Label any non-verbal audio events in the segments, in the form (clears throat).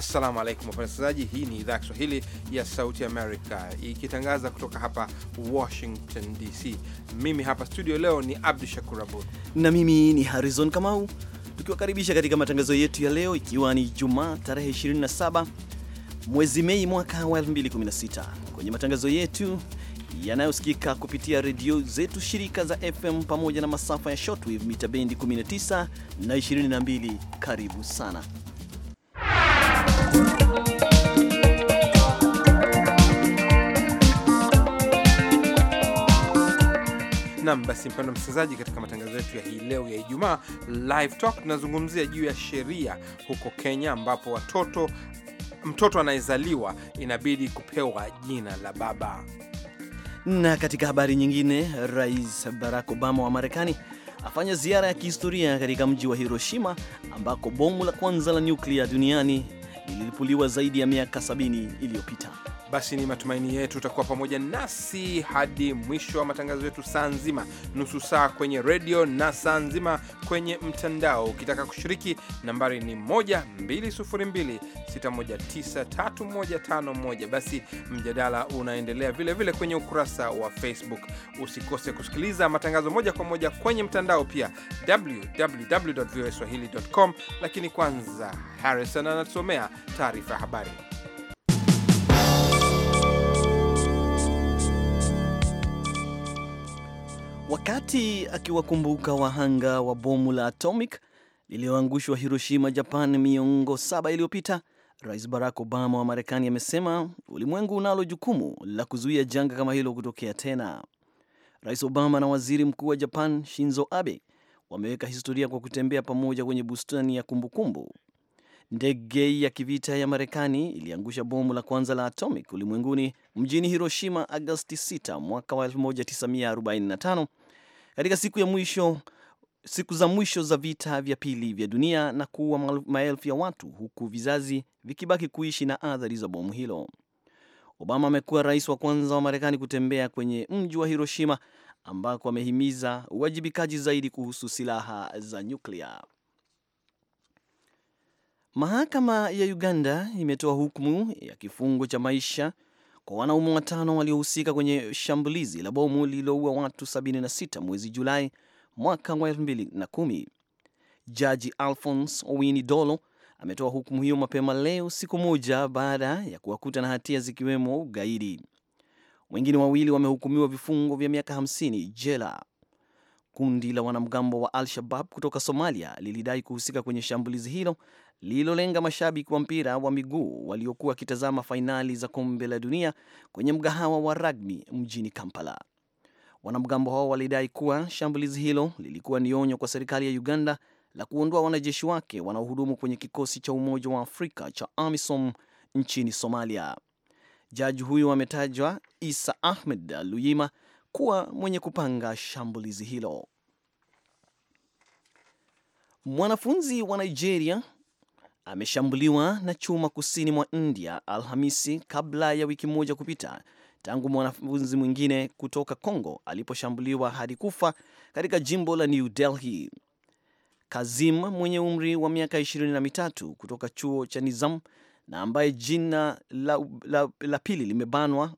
Assalamu alaikum wapenzi wasikilizaji, hii ni idhaa ya Kiswahili ya Sauti Amerika ikitangaza kutoka hapa Washington DC. Mimi hapa studio leo ni Abdu Shakur Abud na mimi ni Harrison Kamau, tukiwakaribisha katika matangazo yetu ya leo, ikiwa ni Jumaa tarehe 27 mwezi Mei mwaka wa 2016 kwenye matangazo yetu yanayosikika kupitia redio zetu shirika za FM pamoja na masafa ya shortwave mita bendi 19 na 22. Karibu sana Nam basi, mpendwa msikilizaji, katika matangazo yetu ya hii leo ya Ijumaa Live Talk tunazungumzia juu ya sheria huko Kenya ambapo watoto mtoto anayezaliwa inabidi kupewa jina la baba. Na katika habari nyingine, Rais Barack Obama wa Marekani afanya ziara ya kihistoria katika mji wa Hiroshima ambako bomu la kwanza la nyuklia duniani lilipuliwa zaidi ya miaka 70 iliyopita. Basi ni matumaini yetu utakuwa pamoja nasi hadi mwisho wa matangazo yetu, saa nzima, nusu saa kwenye redio na saa nzima kwenye mtandao. Ukitaka kushiriki, nambari ni 12026193151. Basi mjadala unaendelea vilevile vile kwenye ukurasa wa Facebook. Usikose kusikiliza matangazo moja kwa moja kwenye mtandao pia, www voaswahili.com. Lakini kwanza, Harrison anatusomea taarifa ya habari. wakati akiwakumbuka wahanga wa bomu la atomic lililoangushwa Hiroshima, Japan, miongo saba iliyopita. Rais Barack Obama wa Marekani amesema ulimwengu unalo jukumu la kuzuia janga kama hilo kutokea tena. Rais Obama na waziri mkuu wa Japan Shinzo Abe wameweka historia kwa kutembea pamoja kwenye bustani ya kumbukumbu. Ndege ya kivita ya Marekani iliangusha bomu la kwanza la atomic ulimwenguni mjini Hiroshima Agosti 6 mwaka wa 1945 katika siku ya mwisho siku za mwisho za vita vya pili vya dunia na kuua maelfu ya watu huku vizazi vikibaki kuishi na athari za bomu hilo. Obama amekuwa rais wa kwanza wa Marekani kutembea kwenye mji wa Hiroshima ambako amehimiza uwajibikaji zaidi kuhusu silaha za nyuklia. Mahakama ya Uganda imetoa hukumu ya kifungo cha maisha kwa wanaume watano waliohusika kwenye shambulizi la bomu lililoua watu 76 mwezi Julai mwaka wa 2010. Jaji Alphonse Owini Dolo ametoa hukumu hiyo mapema leo, siku moja baada ya kuwakuta na hatia zikiwemo ugaidi. Wengine wawili wamehukumiwa vifungo vya miaka 50 jela. Kundi la wanamgambo wa Al-Shabab kutoka Somalia lilidai kuhusika kwenye shambulizi hilo lililolenga mashabiki wa mpira wa miguu waliokuwa wakitazama fainali za kombe la dunia kwenye mgahawa wa ragbi mjini Kampala. Wanamgambo hao walidai kuwa shambulizi hilo lilikuwa ni onyo kwa serikali ya Uganda la kuondoa wanajeshi wake wanaohudumu kwenye kikosi cha Umoja wa Afrika cha AMISOM nchini Somalia. Jaji huyu ametajwa Isa Ahmed Luyima kuwa mwenye kupanga shambulizi hilo. Mwanafunzi wa Nigeria ameshambuliwa na chuma kusini mwa India Alhamisi kabla ya wiki moja kupita tangu mwanafunzi mwingine kutoka Congo aliposhambuliwa hadi kufa katika jimbo la New Delhi. Kazim mwenye umri wa miaka ishirini na mitatu kutoka chuo cha Nizam na ambaye jina la, la, la, pili limebanwa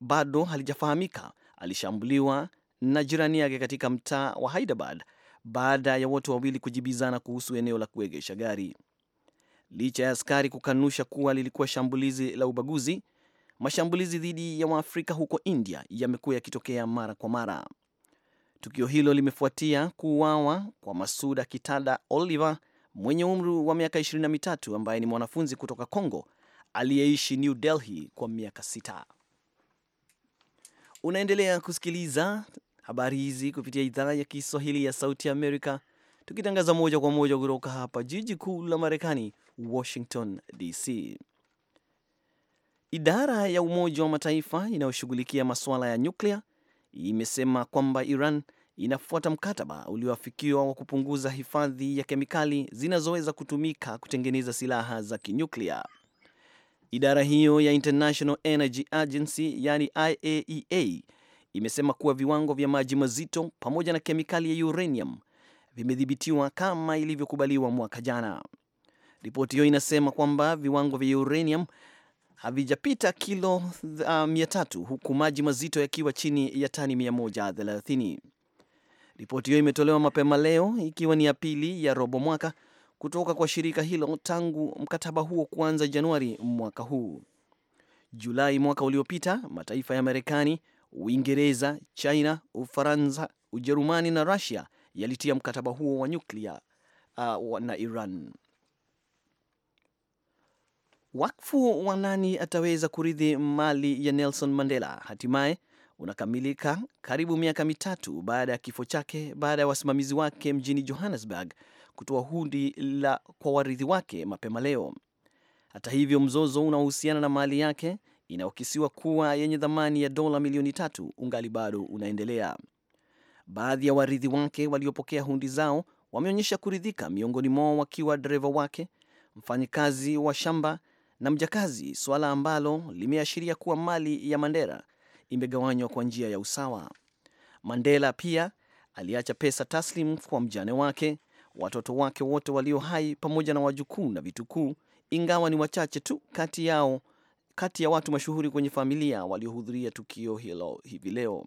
bado halijafahamika alishambuliwa na jirani yake katika mtaa wa Hyderabad baada ya wote wawili kujibizana kuhusu eneo la kuegesha gari licha ya askari kukanusha kuwa lilikuwa shambulizi la ubaguzi. Mashambulizi dhidi ya Waafrika huko India yamekuwa yakitokea mara kwa mara. Tukio hilo limefuatia kuuawa kwa Masuda Kitada Oliver mwenye umri wa miaka 23 ambaye ni mwanafunzi kutoka Congo aliyeishi New Delhi kwa miaka sita. Unaendelea kusikiliza habari hizi kupitia idhaa ya Kiswahili ya Sauti Amerika, tukitangaza moja kwa moja kutoka hapa jiji kuu la Marekani, Washington DC. Idara ya Umoja wa Mataifa inayoshughulikia masuala ya nyuklia imesema kwamba Iran inafuata mkataba ulioafikiwa wa kupunguza hifadhi ya kemikali zinazoweza kutumika kutengeneza silaha za kinyuklia. Idara hiyo ya International Energy Agency yani IAEA e imesema kuwa viwango vya maji mazito pamoja na kemikali ya uranium vimedhibitiwa kama ilivyokubaliwa mwaka jana. Ripoti hiyo inasema kwamba viwango vya uranium havijapita kilo uh, mia um, huku maji mazito yakiwa chini ya tani 130. Ripoti hiyo imetolewa mapema leo ikiwa ni ya pili ya robo mwaka kutoka kwa shirika hilo tangu mkataba huo kuanza Januari mwaka huu. Julai mwaka uliopita mataifa ya Marekani, Uingereza, China, Ufaransa, Ujerumani na rasia yalitia mkataba huo wa nyuklia uh, na Iran. Wakfu wa nani ataweza kurithi mali ya Nelson Mandela hatimaye unakamilika karibu miaka mitatu baada ya kifo chake, baada ya wasimamizi wake mjini Johannesburg kutoa hundi la kwa warithi wake mapema leo. Hata hivyo, mzozo unaohusiana na mali yake inayokisiwa kuwa yenye thamani ya dola milioni tatu ungali bado unaendelea. Baadhi ya warithi wake waliopokea hundi zao wameonyesha kuridhika, miongoni mwao wakiwa dereva wake, mfanyikazi wa shamba na mjakazi, suala ambalo limeashiria kuwa mali ya Mandela imegawanywa kwa njia ya usawa. Mandela pia aliacha pesa taslim kwa mjane wake, watoto wake wote walio hai pamoja na wajukuu na vitukuu, ingawa ni wachache tu kati yao kati ya watu mashuhuri kwenye familia waliohudhuria tukio hilo hivi leo.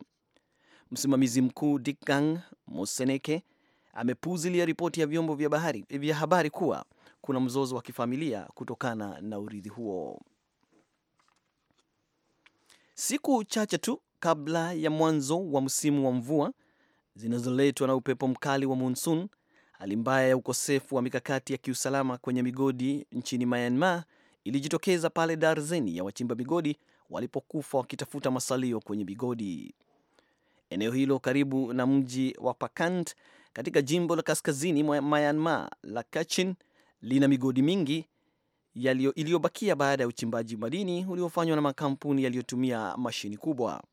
Msimamizi mkuu dikgang Moseneke amepuzilia ripoti ya vyombo vya habari kuwa kuna mzozo wa kifamilia kutokana na urithi huo. Siku chache tu kabla ya mwanzo wa msimu wa mvua zinazoletwa na upepo mkali wa monsun, hali mbaya ya ukosefu wa mikakati ya kiusalama kwenye migodi nchini Myanmar ilijitokeza pale darzeni ya wachimba migodi walipokufa wakitafuta masalio kwenye migodi. Eneo hilo karibu na mji wa Pakant katika jimbo la kaskazini mwa Myanmar la Kachin lina migodi mingi iliyobakia baada ya uchimbaji madini uliofanywa na makampuni yaliyotumia mashini kubwa.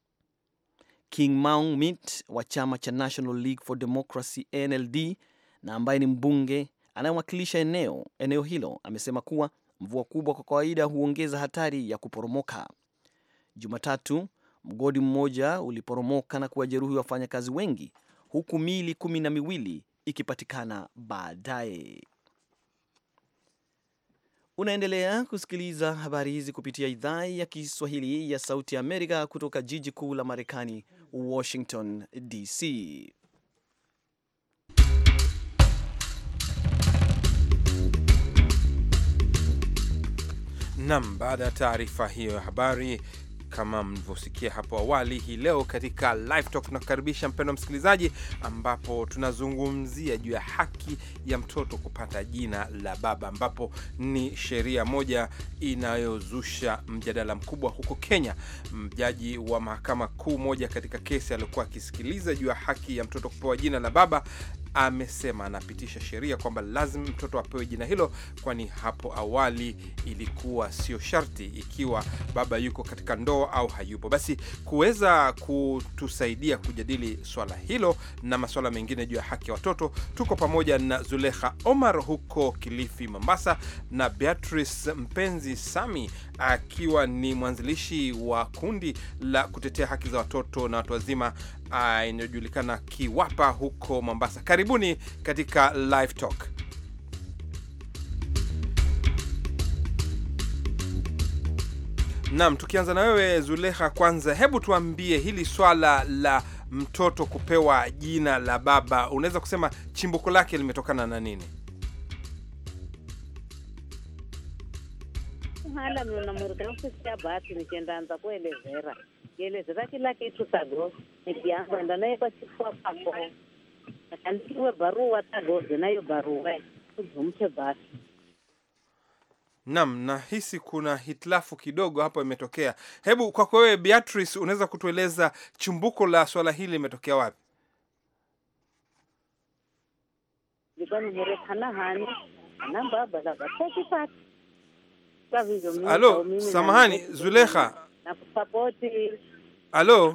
King Maung Mit wa chama cha National League for Democracy NLD na ambaye ni mbunge anayewakilisha eneo, eneo hilo amesema kuwa mvua kubwa kwa kawaida huongeza hatari ya kuporomoka. Jumatatu, mgodi mmoja uliporomoka na kuwajeruhi wafanyakazi wengi huku miili kumi na miwili ikipatikana baadaye. Unaendelea kusikiliza habari hizi kupitia idhaa ya Kiswahili ya Sauti ya Amerika kutoka jiji kuu la Marekani, Washington DC. Nam, baada ya taarifa hiyo ya habari kama mlivyosikia hapo awali, hii leo katika live talk tunakukaribisha msikilizaji, ambapo tunazungumzia juu ya haki ya mtoto kupata jina la baba, ambapo ni sheria moja inayozusha mjadala mkubwa huko Kenya. Mjaji wa mahakama kuu moja katika kesi aliyokuwa akisikiliza juu ya haki ya mtoto kupewa jina la baba amesema anapitisha sheria kwamba lazima mtoto apewe jina hilo, kwani hapo awali ilikuwa sio sharti ikiwa baba yuko katika ndoa au hayupo. Basi kuweza kutusaidia kujadili swala hilo na maswala mengine juu ya haki ya watoto, tuko pamoja na Zulekha Omar huko Kilifi, Mombasa, na Beatrice Mpenzi Sami akiwa ni mwanzilishi wa kundi la kutetea haki za watoto na watu wazima ah, inayojulikana Kiwapa huko Mombasa. Karibuni katika Live Talk. Naam, tukianza na wewe zuleha kwanza hebu tuambie hili swala la mtoto kupewa jina la baba, unaweza kusema chimbuko lake limetokana na nini? mahala mna mnamuruka kusikia bahati, nikiendaanza kuelezera kielezera kila kitu tago, nikianza naye kwa chifua pako akandikiwe barua tagoze nayo barua uzumche basi Nam, nahisi kuna hitilafu kidogo hapo imetokea. Hebu kwako wewe Beatrice, unaweza kutueleza chumbuko la swala hili limetokea wapi? hani Halo, samahani Zulekha. Halo.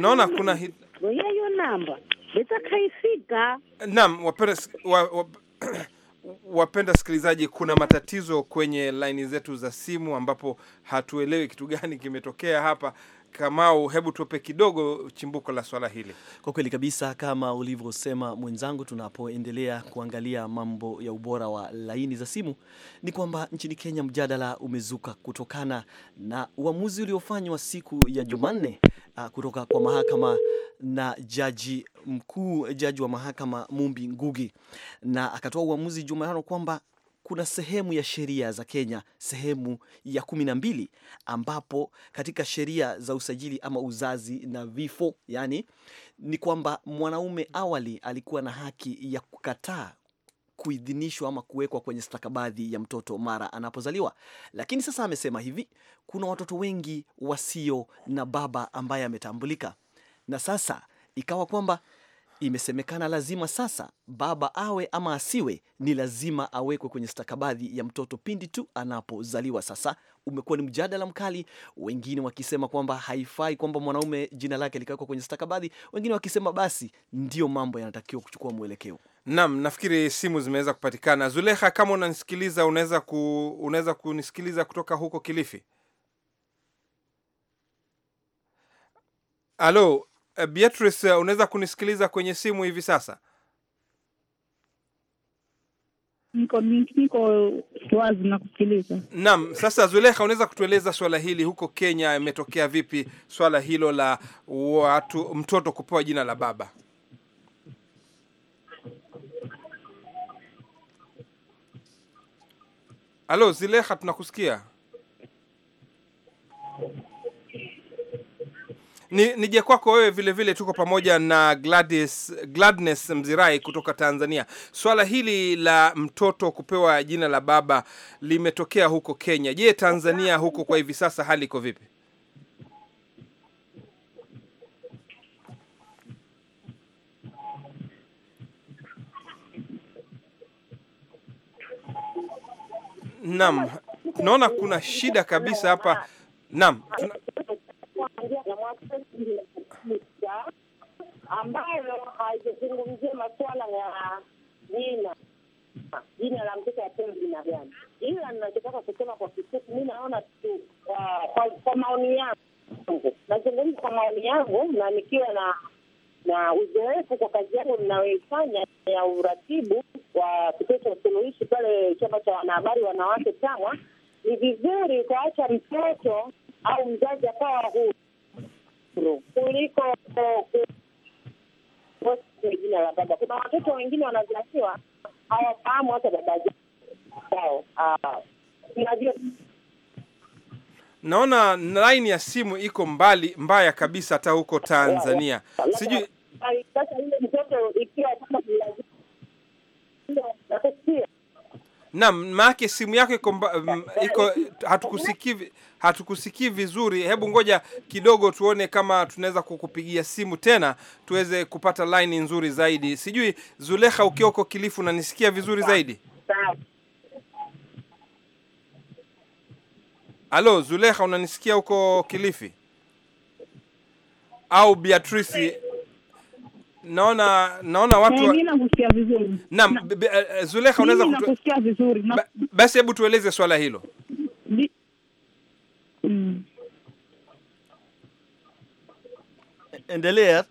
Naona kuna hit... Naam, wapenda (clears throat) wapenda sikilizaji, kuna matatizo kwenye laini zetu za simu ambapo hatuelewi kitu gani kimetokea hapa, Kamau, hebu tupe kidogo chimbuko la swala hili. Kwa kweli kabisa, kama ulivyosema mwenzangu, tunapoendelea kuangalia mambo ya ubora wa laini za simu, ni kwamba nchini Kenya mjadala umezuka kutokana na uamuzi uliofanywa siku ya Jumanne ah, kutoka kwa mahakama na jaji mkuu, jaji wa mahakama Mumbi Ngugi, na akatoa uamuzi Jumatano kwamba kuna sehemu ya sheria za Kenya, sehemu ya kumi na mbili, ambapo katika sheria za usajili ama uzazi na vifo, yani ni kwamba mwanaume awali alikuwa na haki ya kukataa kuidhinishwa ama kuwekwa kwenye stakabadhi ya mtoto mara anapozaliwa, lakini sasa amesema hivi, kuna watoto wengi wasio na baba ambaye ametambulika, na sasa ikawa kwamba Imesemekana lazima sasa baba awe ama asiwe, ni lazima awekwe kwenye stakabadhi ya mtoto pindi tu anapozaliwa. Sasa umekuwa ni mjadala mkali, wengine wakisema kwamba haifai kwamba mwanaume jina lake likawekwa kwenye stakabadhi, wengine wakisema basi ndiyo mambo yanatakiwa kuchukua mwelekeo. Naam, nafikiri simu zimeweza kupatikana. zuleha kama unanisikiliza, unaweza ku, unaweza kunisikiliza kutoka huko Kilifi. Alo, Eh, Beatrice, eh, unaweza kunisikiliza kwenye simu hivi sasa? Niko, niko Naam, sasa Zuleha, unaweza kutueleza swala hili huko Kenya imetokea vipi swala hilo la watu mtoto kupewa jina la baba? Halo Zuleha, tunakusikia. Ni, kwako wewe vile vile, tuko pamoja na Gladys, Gladness Mzirai kutoka Tanzania. Swala hili la mtoto kupewa jina la baba limetokea huko Kenya. Je, Tanzania huko kwa hivi sasa hali iko vipi? Naam, tunaona kuna shida kabisa hapa. Naam, tuna kwanza na mwaka tisa ambayo haijazungumzia masuala ya jina jina la mtoto apewe jina gani, ila ninachotaka kusema kwa kifupi, mi naona tu kwa maoni yangu, nazungumza kwa maoni yangu na nikiwa na na uzoefu kwa kazi yangu ninayoifanya ya uratibu wa kituo cha usuluhishi pale chama cha wanahabari wanawake TAMWA, ni vizuri ukaacha mtoto au mzazi akawa huru kuliko jina la baba. Kuna watoto wengine wanazaliwa hawafahamu hata baba zao. Ah, Naona laini ya simu iko mbali mbaya kabisa, hata huko Tanzania sijui. Sasa mtoto ikiwa Naam, maake simu yako iko mm, iko, hatukusikii hatukusikii vizuri. Hebu ngoja kidogo tuone kama tunaweza kukupigia simu tena tuweze kupata line nzuri zaidi. Sijui Zulekha, ukiwa uko kilifi unanisikia vizuri zaidi? Alo Zulekha, unanisikia huko Kilifi au Beatrice? naona naona watu eh, wa... Naam, na, eh, eh, Zulekha unaweza kutusikia vizuri na... basi hebu tueleze swala hilo mm. Endelea.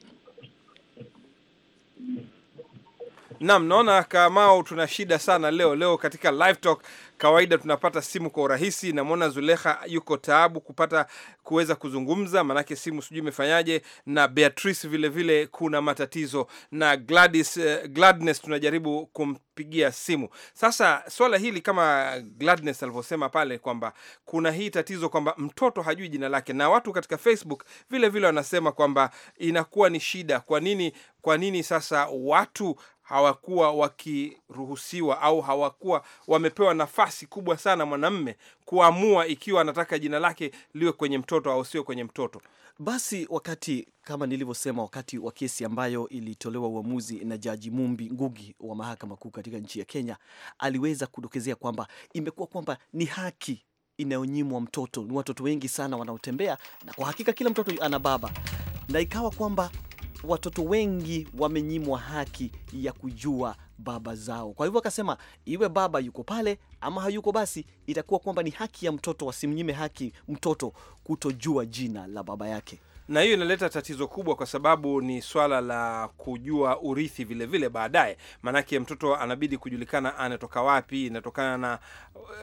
Naam, naona Kamao, tuna shida sana leo leo katika live talk kawaida tunapata simu kwa urahisi. Namwona Zulekha yuko taabu kupata kuweza kuzungumza, maanake simu sijui imefanyaje, na Beatrice vile vile kuna matatizo na Gladys, uh, Gladness tunajaribu kumpigia simu. Sasa swala hili kama Gladness alivyosema pale kwamba kuna hii tatizo kwamba mtoto hajui jina lake, na watu katika Facebook vile vile wanasema kwamba inakuwa ni shida. Kwa nini, kwa nini sasa watu hawakuwa wakiruhusiwa au hawakuwa wamepewa nafasi kubwa sana mwanamme kuamua ikiwa anataka jina lake liwe kwenye mtoto au sio kwenye mtoto. Basi wakati kama nilivyosema, wakati wa kesi ambayo ilitolewa uamuzi na Jaji Mumbi Ngugi wa Mahakama Kuu katika nchi ya Kenya, aliweza kudokezea kwamba imekuwa kwamba ni haki inayonyimwa mtoto. Ni watoto wengi sana wanaotembea, na kwa hakika kila mtoto ana baba na ikawa kwamba watoto wengi wamenyimwa haki ya kujua baba zao. Kwa hivyo akasema iwe baba yuko pale ama hayuko, basi itakuwa kwamba ni haki ya mtoto, wasimnyime haki mtoto kutojua jina la baba yake na hiyo inaleta tatizo kubwa, kwa sababu ni swala la kujua urithi vilevile baadaye. Maanake mtoto anabidi kujulikana anatoka wapi, inatokana na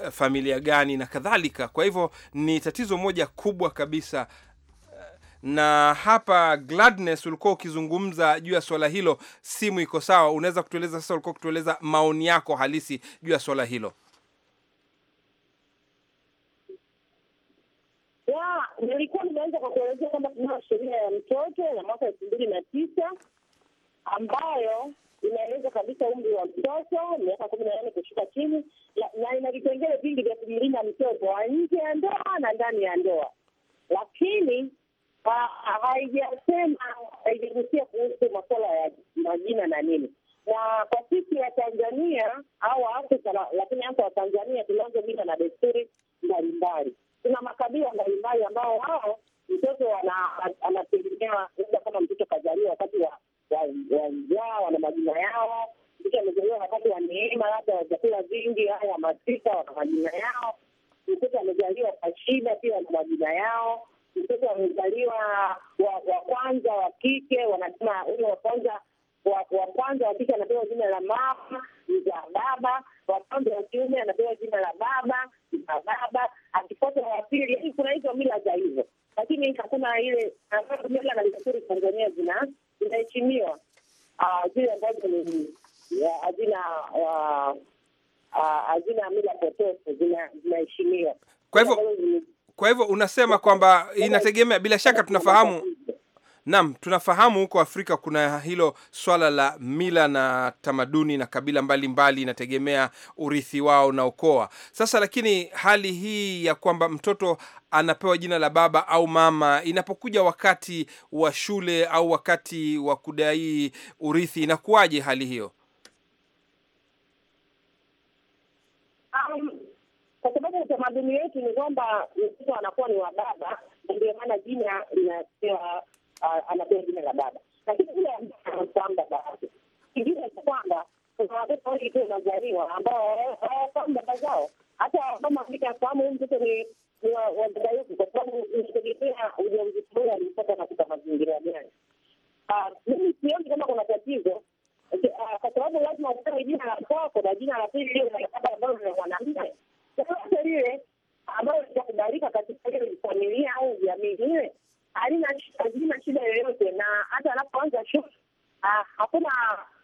eh, familia gani na kadhalika. Kwa hivyo ni tatizo moja kubwa kabisa na hapa Gladness, ulikuwa ukizungumza juu ya swala hilo, simu iko sawa. Unaweza kutueleza sasa, ulikuwa kutueleza maoni yako halisi juu ya swala hilo? nilikuwa nimeanza kwa kuelezea kwamba tunayo sheria ya mtoto ya mwaka elfu mbili na tisa ambayo inaeleza kabisa umri wa mtoto miaka kumi na nane kushuka chini, na ina vipengele vingi vya kumlinda mtoto wa nje ya ndoa na ndani ya ndoa, lakini haijasema haijagusia kuhusu masuala ya majina na nini, na kwa sisi wa Tanzania au Waafrika, lakini hasa Watanzania tunazo mila na desturi mbalimbali. Tuna makabila mbalimbali ambao wao mtoto anategemea labda kama mtoto kazaliwa wakati wa njaa, wana majina yao. Mtoto amezaliwa wakati wa neema, labda wa vyakula vingi, haya masika, wana majina yao. Mtoto amezaliwa kwa shida, pia wana majina yao mtoto amezaliwa wa kwanza wa kike, wanasema huyo wa kwanza wa kwanza wa kike anapewa jina la mama za baba, wa kwanza wa kiume anapewa jina la baba za baba, akifuata wa pili. Yani kuna hizo mila za hivyo, lakini hakuna ile ambazo mila na desturi Tanzania zina zinaheshimiwa ah, zile ambazo ni hazina ah, hazina mila potofu zinaheshimiwa kwa hivyo kwa hivyo unasema kwamba inategemea, bila shaka tunafahamu Naam, tunafahamu huko Afrika kuna hilo swala la mila na tamaduni na kabila mbalimbali inategemea mbali, urithi wao na ukoa. Sasa lakini hali hii ya kwamba mtoto anapewa jina la baba au mama inapokuja wakati wa shule au wakati wa kudai urithi inakuwaje hali hiyo? tamaduni yetu ni kwamba mtoto anakuwa ni wa baba, ndio maana jina linapewa, ah, anapewa jina la baba. Lakini ule ambaye anafahamu baba yake, kingine ni kwamba kuna watoto wengi tu wanazaliwa ambao hawafahamu baba zao, hata kama mtu afahamu huyu mtoto ni wa dada yetu, kwa sababu inategemea ujauzito ule alipata katika mazingira gani. Ah, mimi sioni kama kuna tatizo eh, kwa sababu lazima upewe jina la kwako na jina la pili lio na baba ambalo ni mwanamke lolote lile ambayo litakubalika katika ile familia au jamii ile, halina shida yoyote, na hata anapoanza shule hakuna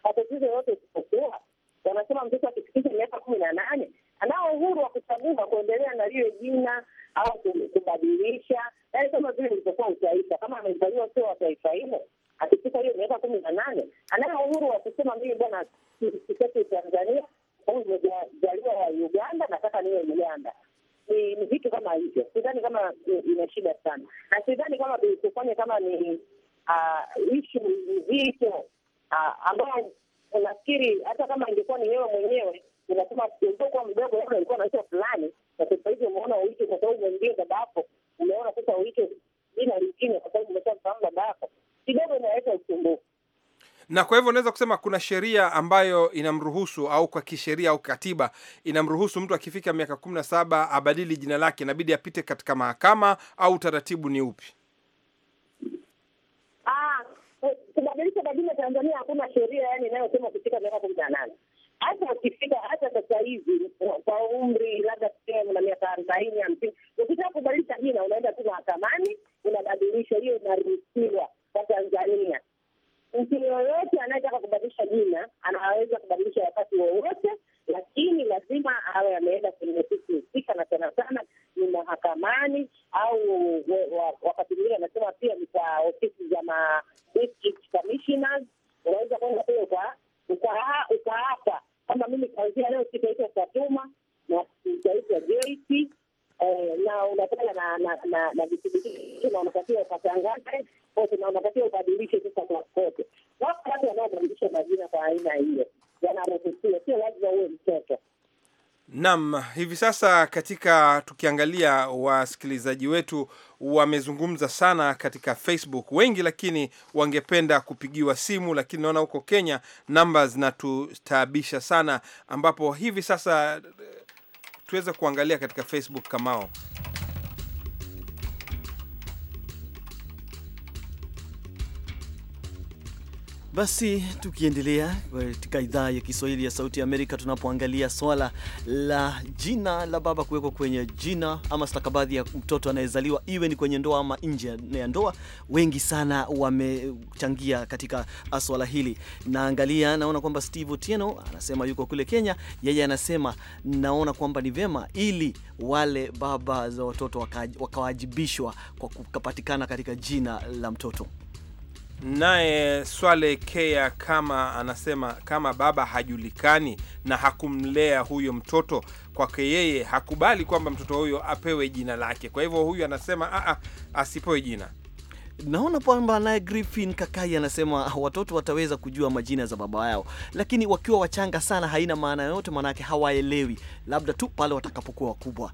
matatizo yoyote, isipokuwa wanasema mtoto akifikisha miaka kumi na nane anao uhuru wa kuchagua kuendelea na lile jina au kubadilisha, yaani kama vile ilivyokuwa utaifa. Kama amezaliwa sio wa taifa hilo, akifika hiyo miaka kumi na nane anayo uhuru wa kusema mimi bwana, sitaki Tanzania huyu wa Uganda, nataka niwe Uganda. Ni vitu kama hivyo, sidhani kama ina shida sana, na sidhani kama tufanye kama ni ah, ishu nzito ah, ambayo unafikiri hata kama ingekuwa ni wewe mwenyewe unasema ulivyokuwa mdogo, labda ulikuwa na hicho fulani, na sasa hivi umeona uiche kwa sababu umemjia baba yako, umeona sasa uiche jina lingine kwa sababu umeshafahamu baba yako, kidogo inaweza usumbufu na kwa hivyo unaweza kusema kuna sheria ambayo inamruhusu au kwa kisheria au katiba inamruhusu mtu akifika miaka kumi na saba abadili jina lake, inabidi apite katika mahakama au utaratibu ni upi? Ah, kubadilisha majina Tanzania hakuna sheria yani inayosema ukifika miaka kumi na nane hata ukifika hata sasa hivi kwa umri labda sehemu na miaka arobaini hamsini, ukitaka kubadilisha jina unaenda tu mahakamani unabadilisha. Hiyo inaruhusiwa kwa Tanzania mtu yoyote anayetaka kubadilisha jina anaweza kubadilisha wakati wowote, lakini lazima awe ameenda kwenye ofisi husika, na sana sana ni mahakamani au wakati mwingine anasema pia ni kwa ofisi za ma district commissioners. Unaweza kwenda kule ukaapa kwamba mimi kuanzia leo sitaitwa Satuma na sitaitwa Joyce Eh, na unatana na vithibitisho na unatakiwa upatangaze kote na unatakiwa ubadilishe sasa kwa kote. Wako watu wanaobadilisha majina kwa aina hiyo, yanaruhusiwa, sio lazima uwe mtoto. Naam, hivi sasa katika tukiangalia, wasikilizaji wetu wamezungumza sana katika Facebook wengi, lakini wangependa kupigiwa simu, lakini naona huko Kenya namba zinatutaabisha sana, ambapo hivi sasa tuweza kuangalia katika Facebook kamao Basi tukiendelea eh, katika idhaa ya Kiswahili ya Sauti ya Amerika, tunapoangalia swala la jina la baba kuwekwa kwenye jina ama stakabadhi ya mtoto anayezaliwa iwe ni kwenye ndoa ama nje ya ndoa, wengi sana wamechangia katika ah, swala hili. Naangalia naona kwamba Steve Otieno anasema yuko kule Kenya, yeye anasema naona kwamba ni vyema ili wale baba za watoto wakawajibishwa kwa kupatikana katika jina la mtoto. Naye Swale Kea kama anasema kama baba hajulikani na hakumlea huyo mtoto, kwake yeye hakubali kwamba mtoto huyo apewe jina lake. Kwa hivyo huyu anasema a, ah, ah, asipewe jina. Naona kwamba naye Griffin Kakai anasema ah, watoto wataweza kujua majina za baba yao, lakini wakiwa wachanga sana haina maana yoyote, maanake hawaelewi, labda tu pale watakapokuwa wakubwa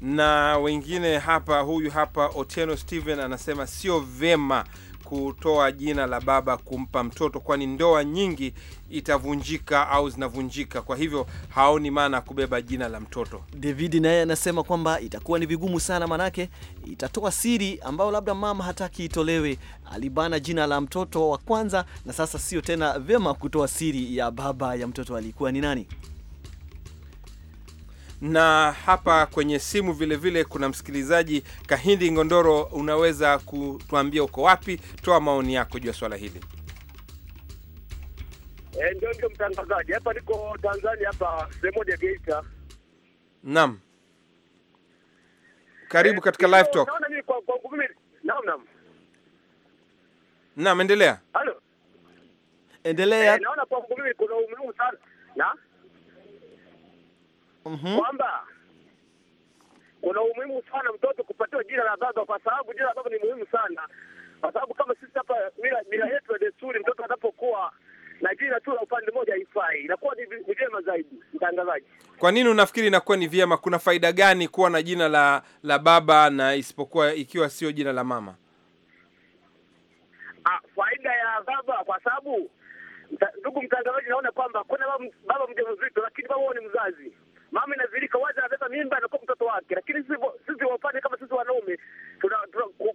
na wengine hapa. Huyu hapa Otieno Steven anasema sio vyema kutoa jina la baba kumpa mtoto, kwani ndoa nyingi itavunjika au zinavunjika. Kwa hivyo haoni maana ya kubeba jina la mtoto. David naye anasema kwamba itakuwa ni vigumu sana, manake itatoa siri ambayo labda mama hataki itolewe. Alibana jina la mtoto wa kwanza, na sasa sio tena vyema kutoa siri ya baba ya mtoto alikuwa ni nani na hapa kwenye simu vilevile vile kuna msikilizaji Kahindi Ngondoro, unaweza kutuambia uko wapi, toa maoni yako juu ya swala hili. E, ndio ndio mtangazaji, hapa niko Tanzania, hapa sehemu moja Geita. Naam, karibu e, katika live talk. Naam, naam, naam, endelea. Halo, endelea. Eh, naona kwangu mimi kuna umuhimu sana na mm-hmm. kwamba kuna umuhimu sana mtoto kupatiwa jina la baba, kwa sababu jina la baba ni muhimu sana, kwa sababu kama sisi hapa mila yetu ya desturi, mtoto anapokuwa na jina tu la upande mmoja haifai, inakuwa ni vyema zaidi. Mtangazaji, kwa nini unafikiri inakuwa ni vyema? Kuna faida gani kuwa na jina la la baba na isipokuwa ikiwa sio jina la mama? Ah, faida ya baba kwa sababu ndugu mtangazaji, naona kwamba kuna baba, baba mjamzito, lakini baba huo ni mzazi mama inazilika wazi, anabeba mimba, anakuwa mtoto wake. Lakini sisi wafanye kama sisi wanaume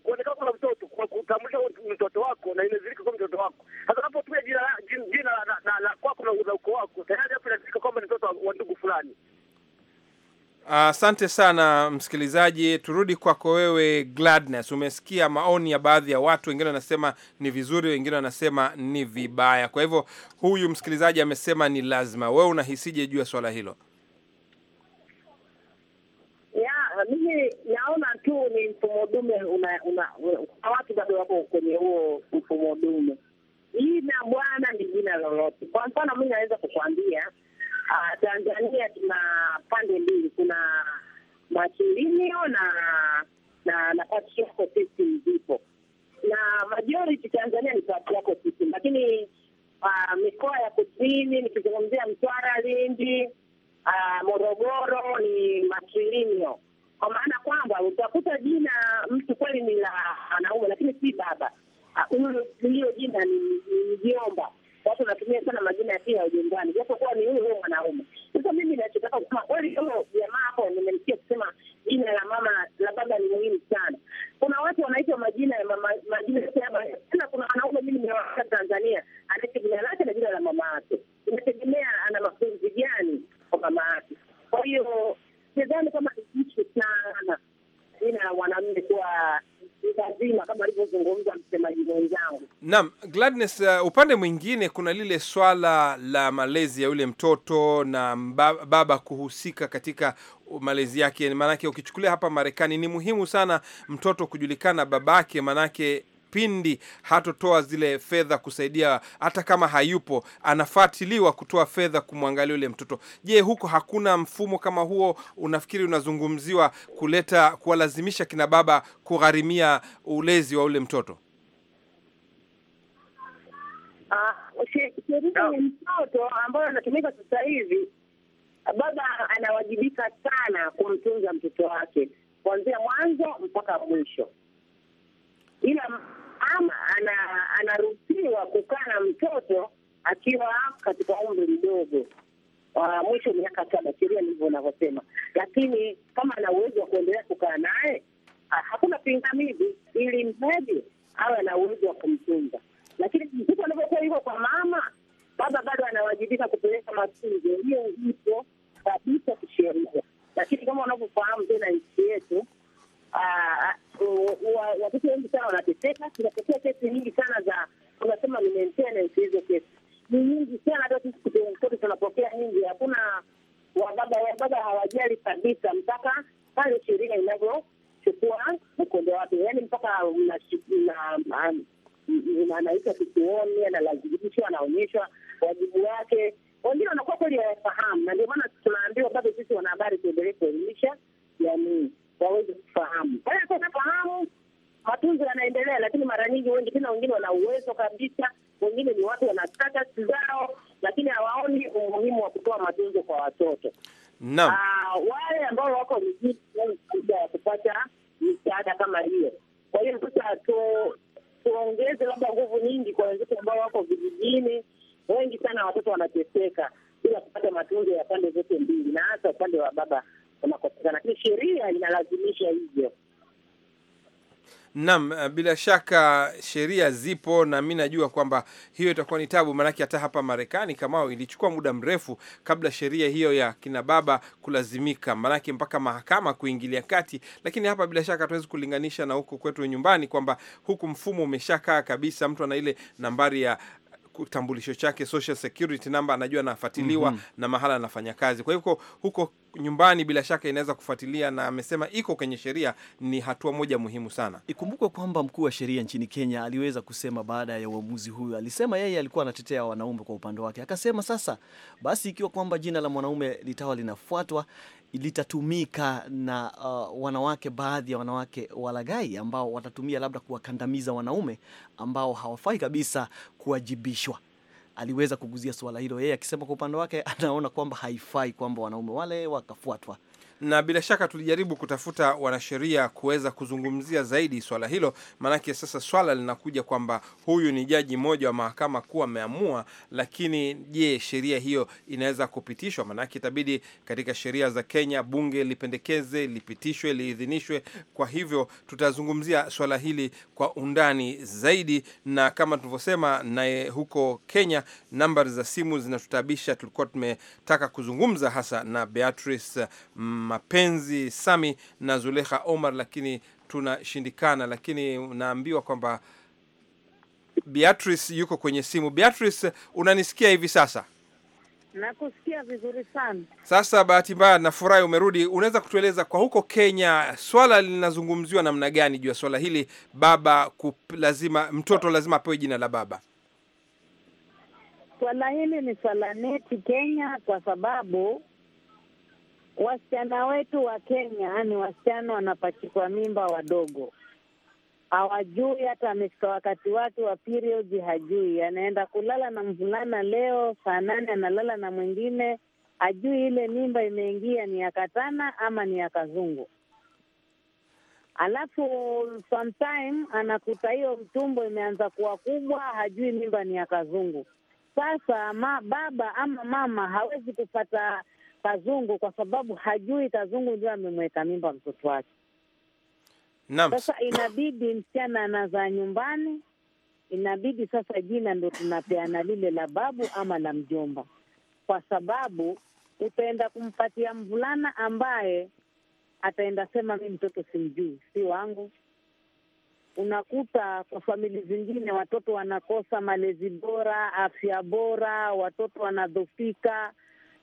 kuonekana kama mtoto, kutambulisha mtoto wako na inazilika kwa mtoto wako. Sasa unapotumia jina la kwako na uko wako, tayari hapo inazilika kwamba ni mtoto wa ndugu fulani. Asante uh, sana msikilizaji. Turudi kwako wewe Gladness. Umesikia maoni ya baadhi ya watu, wengine wanasema ni vizuri, wengine wanasema ni vibaya. Kwa hivyo huyu msikilizaji amesema ni lazima. Wewe unahisije juu ya swala hilo? Agnes, uh, upande mwingine kuna lile swala la malezi ya yule mtoto na baba kuhusika katika malezi yake. Maanake ukichukulia hapa Marekani ni muhimu sana mtoto kujulikana babake, maanake pindi hatotoa zile fedha kusaidia, hata kama hayupo, anafuatiliwa kutoa fedha kumwangalia yule mtoto. Je, huko hakuna mfumo kama huo? Unafikiri unazungumziwa kuleta kuwalazimisha kina baba kugharimia ulezi wa ule mtoto? sheria ya mtoto ambayo anatumika sasa hivi, baba anawajibika sana kumtunza mtoto wake kuanzia mwanzo mpaka mwisho, ila mama ana, anaruhusiwa kukaa na mtoto akiwa katika umri mdogo mwisho miaka saba, sheria ndivyo unavyosema, Lakini kama ana uwezo wa kuendelea kukaa naye, ah, hakuna pingamizi, ili mradi awe ana uwezo wa kumtunza lakini ndivyo alivyokuwa hivyo kwa mama, baba bado anawajibika kupeleka matunzo. Hiyo ipo kabisa kisheria, lakini kama unavyofahamu tena nchi yetu ah, ah, watoto wengi sana wanateseka. Tunapokea kesi nyingi sana za unasema ni maintenance. Hizo kesi ni nyingi sana, hata sisi kitoto tunapokea nyingi. Hakuna wababa, wababa hawajali kabisa mpaka pale sheria inavyochukua mkondo wake, yaani mpaka anaitwa kituoni, analazimishwa, anaonyeshwa wajibu wake. Wengine wanakuwa kweli hawafahamu, na ndio maana tunaambiwa bado sisi wanahabari tuendelee kuelimisha jamii waweze kufahamu. Kwa hiyo tunafahamu matunzo yanaendelea, lakini mara nyingi wengi tena, wengine wana uwezo kabisa, wengine ni watu wana status zao, lakini hawaoni umuhimu wa kutoa matunzo kwa watoto. Naam, ah, wale ambao wako kuja ya kupata misaada kama hiyo. Kwa hiyo sasa tuongeze labda nguvu nyingi kwa wenzetu ambao wako vijijini. Wengi sana watoto wanateseka bila kupata matunzo ya pande zote mbili, na hasa upande wa baba unakosekana, lakini sheria inalazimisha hivyo. Naam, eh, bila shaka sheria zipo, na mi najua kwamba hiyo itakuwa ni tabu, maanake hata hapa Marekani kamao ilichukua muda mrefu kabla sheria hiyo ya kina baba kulazimika, maanake mpaka mahakama kuingilia kati. Lakini hapa bila shaka hatuwezi kulinganisha na huko kwetu nyumbani kwamba huku mfumo umeshakaa kabisa, mtu ana ile nambari ya kitambulisho chake social security number, anajua anafuatiliwa mm -hmm. na mahala anafanya kazi. Kwa hivyo huko nyumbani bila shaka inaweza kufuatilia, na amesema iko kwenye sheria. Ni hatua moja muhimu sana. Ikumbukwe kwamba mkuu wa sheria nchini Kenya aliweza kusema baada ya uamuzi huyu, alisema yeye alikuwa anatetea wanaume kwa upande wake, akasema sasa basi, ikiwa kwamba jina la mwanaume litawa linafuatwa litatumika na uh, wanawake, baadhi ya wanawake walagai ambao watatumia labda kuwakandamiza wanaume ambao hawafai kabisa kuwajibishwa. Aliweza kuguzia suala hilo yeye, akisema kwa upande wake (laughs) anaona kwamba haifai kwamba wanaume wale wakafuatwa na bila shaka tulijaribu kutafuta wanasheria kuweza kuzungumzia zaidi swala hilo, maanake sasa swala linakuja kwamba huyu ni jaji mmoja wa mahakama kuu ameamua, lakini je, sheria hiyo inaweza kupitishwa? Maanake itabidi katika sheria za Kenya bunge lipendekeze, lipitishwe, liidhinishwe. Kwa hivyo tutazungumzia swala hili kwa undani zaidi, na kama tulivyosema, naye huko Kenya nambari za simu zinatutabisha. Tulikuwa tumetaka kuzungumza hasa na Beatrice mm, Mapenzi Sami na Zulekha Omar, lakini tunashindikana. Lakini naambiwa kwamba Beatrice yuko kwenye simu. Beatrice, unanisikia hivi sasa? Nakusikia vizuri sana. Sasa bahati mbaya, nafurahi umerudi. Unaweza kutueleza kwa huko Kenya swala linazungumziwa namna gani juu ya swala hili baba lazima mtoto lazima apewe jina la baba? Swala hili ni swala neti Kenya, kwa sababu wasichana wetu wa Kenya ni yaani wasichana wanapachikwa mimba wadogo, hawajui hata amefika wakati wake wa period, hajui anaenda kulala na mvulana leo saa nane, analala na mwingine, hajui ile mimba imeingia ni ya katana ama ni ya kazungu. Alafu sometime anakuta hiyo mtumbo imeanza kuwa kubwa, hajui mimba ni ya kazungu. Sasa ma, baba ama mama hawezi kupata Kazungu kwa sababu hajui Kazungu ndio amemweka mimba mtoto wake. Naam. Sasa inabidi msichana anazaa nyumbani, inabidi sasa jina ndo tunapeana lile la babu ama la mjomba, kwa sababu utaenda kumpatia mvulana ambaye ataenda sema mi mtoto simjui, si wangu. Unakuta kwa famili zingine watoto wanakosa malezi bora, afya bora, watoto wanadhofika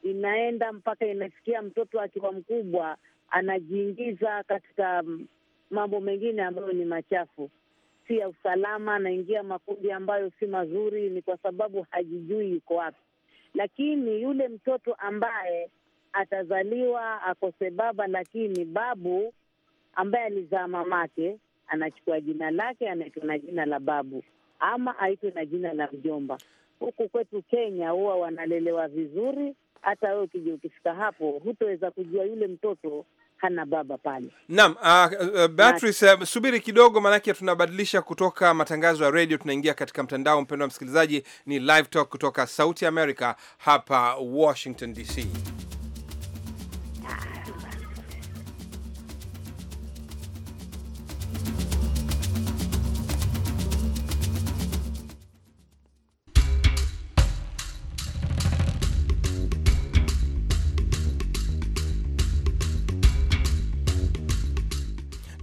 inaenda mpaka inafikia mtoto akiwa mkubwa anajiingiza katika mm, mambo mengine ambayo ni machafu, si ya usalama, anaingia makundi ambayo si mazuri, ni kwa sababu hajijui yuko wapi. Lakini yule mtoto ambaye atazaliwa akose baba, lakini babu ambaye alizaa mamake anachukua jina lake, anaitwa na jina la babu ama aitwe na jina la mjomba. Huku kwetu Kenya huwa wanalelewa vizuri hata wewe ukija ukifika hapo hutoweza kujua yule mtoto hana baba pale. Naam, uh, Beatrice, uh, subiri kidogo, maanake tunabadilisha kutoka matangazo ya redio tunaingia katika mtandao. mpendo wa msikilizaji, ni live talk kutoka Sauti America hapa Washington DC.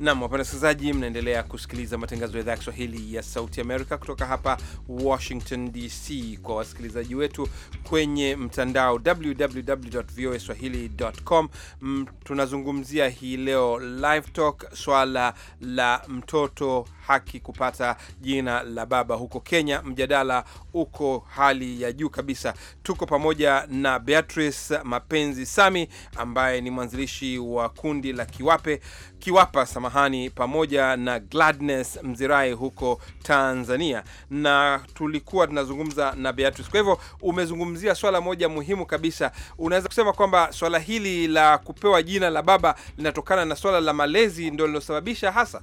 Nam, wapenda wasikilizaji, mnaendelea kusikiliza matangazo ya idhaa ya Kiswahili ya Sauti Amerika kutoka hapa Washington DC. Kwa wasikilizaji wetu kwenye mtandao www voa swahilicom, mm, tunazungumzia hii leo Live Talk, swala la mtoto haki kupata jina la baba huko Kenya. Mjadala uko hali ya juu kabisa. Tuko pamoja na Beatrice Mapenzi Sami ambaye ni mwanzilishi wa kundi la Kiwape Kiwapa, samahani, pamoja na Gladness Mzirai huko Tanzania, na tulikuwa tunazungumza na Beatrice. Kwa hivyo umezungumzia swala moja muhimu kabisa. Unaweza kusema kwamba swala hili la kupewa jina la baba linatokana na swala la malezi ndio lilosababisha hasa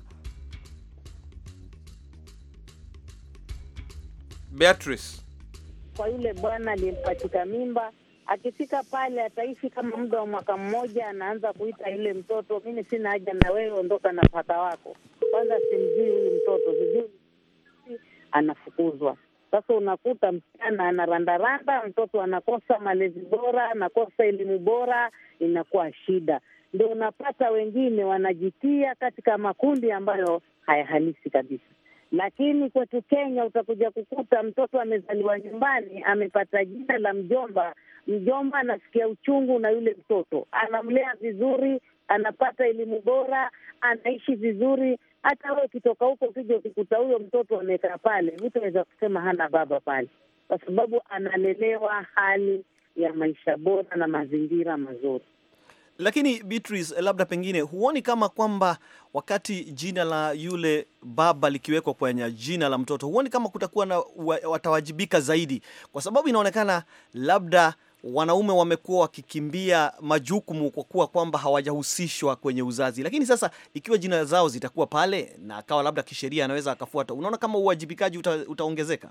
Beatrice, kwa yule bwana aliyempatika mimba, akifika pale ataishi kama muda wa mwaka mmoja, anaanza kuita yule mtoto, mimi sina haja na wewe, ondoka na paka wako. Kwanza simjui huyu mtoto, sijui, anafukuzwa. Sasa unakuta msichana anarandaranda, mtoto anakosa malezi bora, anakosa elimu bora, inakuwa shida. Ndio unapata wengine wanajitia katika makundi ambayo hayahalisi kabisa. Lakini kwetu Kenya utakuja kukuta mtoto amezaliwa nyumbani, amepata jina la mjomba. Mjomba anasikia uchungu na yule mtoto, anamlea vizuri, anapata elimu bora, anaishi vizuri. Hata we ukitoka huko ukija ukikuta huyo mtoto amekaa pale, anaweza kusema hana baba pale, kwa sababu analelewa hali ya maisha bora na mazingira mazuri. Lakini Beatrice, labda pengine huoni kama kwamba wakati jina la yule baba likiwekwa kwenye jina la mtoto, huoni kama kutakuwa na watawajibika zaidi, kwa sababu inaonekana labda wanaume wamekuwa wakikimbia majukumu kwa kuwa kwamba hawajahusishwa kwenye uzazi, lakini sasa ikiwa jina zao zitakuwa pale na akawa labda kisheria anaweza akafuata, unaona kama uwajibikaji uta, utaongezeka?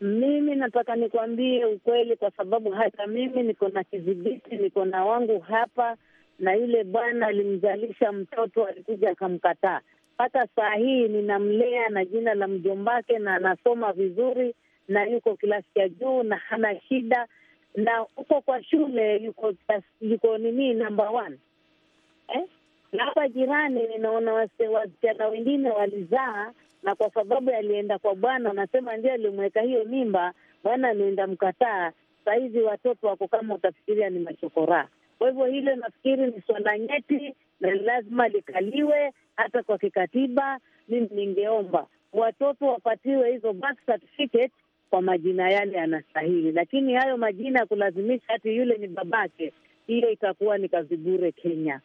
Mimi nataka nikwambie ukweli, kwa sababu hata mimi niko na kidhibiti, niko na wangu hapa, na yule bwana alimzalisha mtoto, alikuja akamkataa. Hata saa hii ninamlea na jina la mjombake, na anasoma vizuri na yuko kilasi cha juu na hana shida, na uko kwa shule yuko yuko nini namba one eh? Na hapa jirani ninaona wasichana wengine walizaa na kwa sababu alienda kwa Bwana, anasema ndio alimweka hiyo mimba, Bwana ameenda mkataa. Sahizi watoto wako kama utafikiria ni machokoraa. Kwa hivyo hilo nafikiri ni swala nyeti na lazima likaliwe hata kwa kikatiba. Mimi ningeomba watoto wapatiwe hizo birth certificate kwa majina yale yanastahili, lakini hayo majina ya kulazimisha hati yule ni babake, hiyo itakuwa ni kazi bure Kenya.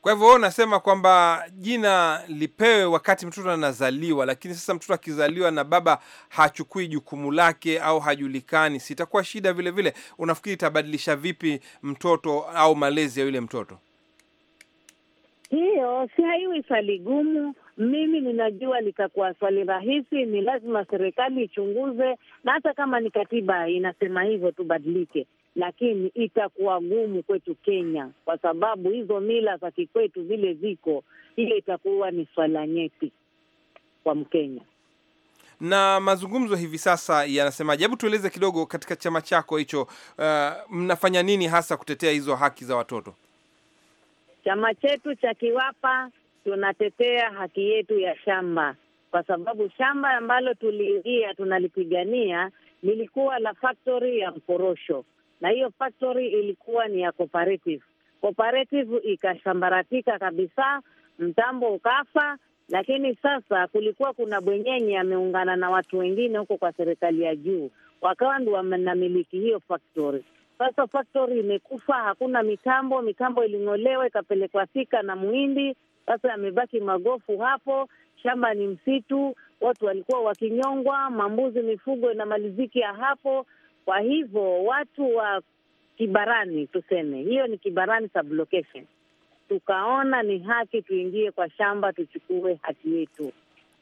Kwa hivyo unasema kwamba jina lipewe wakati mtoto anazaliwa, lakini sasa mtoto akizaliwa na baba hachukui jukumu lake au hajulikani, sitakuwa shida vile vile. Unafikiri itabadilisha vipi mtoto au malezi ya yule mtoto? Hiyo si haiwi swali gumu. Mimi ninajua litakuwa swali rahisi. Ni lazima serikali ichunguze, na hata kama ni katiba inasema hivyo tubadilike, lakini itakuwa ngumu kwetu Kenya kwa sababu hizo mila za kikwetu zile ziko, hiyo itakuwa ni swala nyeti kwa Mkenya. Na mazungumzo hivi sasa yanasemaje? Hebu tueleze kidogo, katika chama chako hicho, uh, mnafanya nini hasa kutetea hizo haki za watoto? Chama chetu cha Kiwapa tunatetea haki yetu ya shamba, kwa sababu shamba ambalo tuliingia tunalipigania lilikuwa la faktori ya mkorosho na hiyo factory ilikuwa ni ya cooperative. Cooperative ikashambaratika kabisa, mtambo ukafa. Lakini sasa kulikuwa kuna bwenyenye ameungana na watu wengine huko kwa serikali ya juu, wakawa ndio wanamiliki hiyo factory. Sasa factory imekufa, hakuna mitambo. Mitambo iling'olewa ikapelekwa Thika na Muhindi. Sasa yamebaki magofu hapo, shamba ni msitu, watu walikuwa wakinyongwa, mambuzi, mifugo inamalizikia hapo. Kwa hivyo watu wa Kibarani, tuseme hiyo ni Kibarani sublocation, tukaona ni haki tuingie kwa shamba tuchukue haki yetu,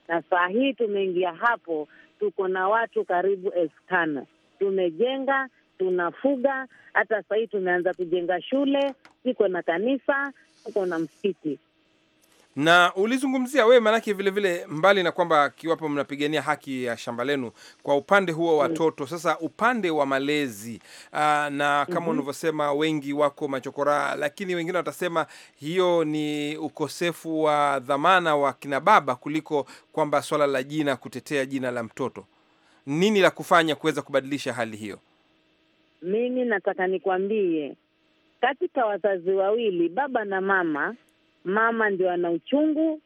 na saa hii tumeingia hapo, tuko na watu karibu elfu tano tumejenga tunafuga hata sahii tumeanza kujenga shule, tuko na kanisa, tuko na msikiti na ulizungumzia wewe, maanake vile vile, mbali na kwamba kiwapo mnapigania haki ya shamba lenu kwa upande huo watoto, mm. sasa upande wa malezi uh, na kama mm -hmm. unavyosema wengi wako machokoraa, lakini wengine watasema hiyo ni ukosefu wa dhamana wa kina baba kuliko kwamba swala la jina, kutetea jina la mtoto. Nini la kufanya kuweza kubadilisha hali hiyo? Mimi nataka nikwambie, katika wazazi wawili, baba na mama Mama ndio ana uchungu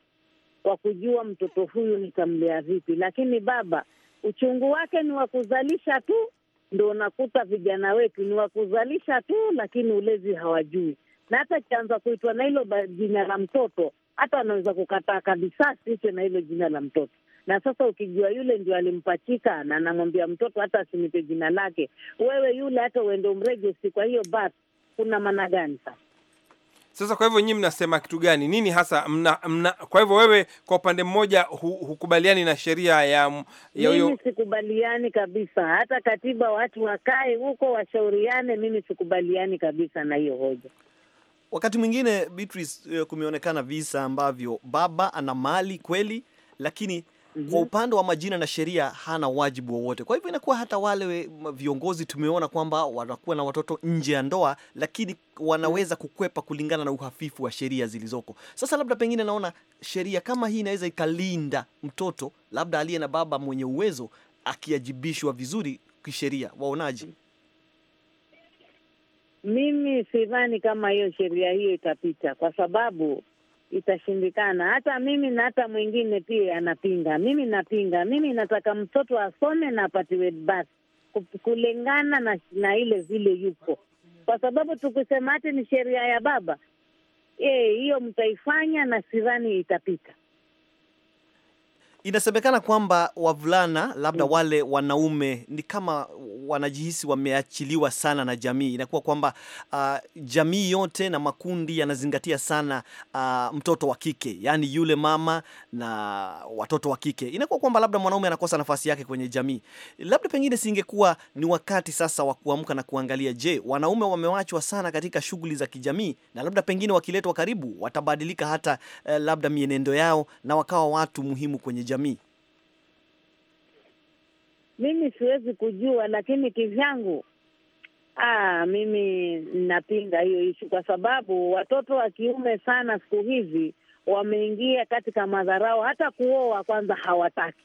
wa kujua mtoto huyu nitamlea vipi, lakini baba uchungu wake ni wa kuzalisha tu. Ndo unakuta vijana wetu ni wa kuzalisha tu, lakini ulezi hawajui, na hata kianza kuitwa na hilo jina la mtoto, hata wanaweza kukataa kabisa siche na hilo jina la mtoto. Na sasa ukijua yule ndio alimpachika na anamwambia mtoto hata asinipe jina lake, wewe yule hata uende umreje, kwa hiyo bat, kuna maana gani sasa? Sasa kwa hivyo nyinyi mnasema kitu gani? Nini hasa mna, mna, kwa hivyo wewe kwa upande mmoja hu, hukubaliani na sheria ya, ya mimi sikubaliani kabisa. Hata katiba watu wakae huko washauriane, mimi sikubaliani kabisa na hiyo hoja. Wakati mwingine Beatrice, eh, kumeonekana visa ambavyo baba ana mali kweli, lakini mm -hmm. Kwa mhm. upande wa majina na sheria hana wajibu wowote. Kwa hivyo inakuwa hata wale mm, viongozi tumeona kwamba wanakuwa na watoto nje ya ndoa, lakini wanaweza mhm. kukwepa kulingana na uhafifu wa sheria zilizoko. Sasa labda pengine naona sheria kama hii inaweza ikalinda mtoto labda aliye na baba mwenye uwezo akiajibishwa vizuri kisheria, waonaje? Mimi sidhani kama hiyo sheria hiyo itapita, kwa sababu itashindikana. Hata mimi na hata mwingine pia anapinga, mimi napinga, mimi nataka mtoto asome na apatiwe basi kulingana na, na ile vile yupo kwa sababu tukusema hati ni sheria ya baba eh, hiyo, e, mtaifanya na sidhani itapita. Inasemekana kwamba wavulana labda mm. wale wanaume ni kama wanajihisi wameachiliwa sana na jamii. Inakuwa kwamba uh, jamii yote na makundi yanazingatia sana uh, mtoto wa kike, yaani yule mama na watoto wa kike. Inakuwa kwamba labda mwanaume anakosa nafasi yake kwenye jamii. Labda pengine singekuwa ni wakati sasa wa kuamka na kuangalia, je, wanaume wamewachwa sana katika shughuli za kijamii, na labda pengine wakiletwa karibu watabadilika hata uh, labda mienendo yao na wakawa watu muhimu kwenye jamii? Mimi siwezi kujua, lakini kivyangu, ah, mimi napinga hiyo ishu kwa sababu watoto wa kiume sana siku hizi wameingia katika madharau. Hata kuoa kwanza hawataki,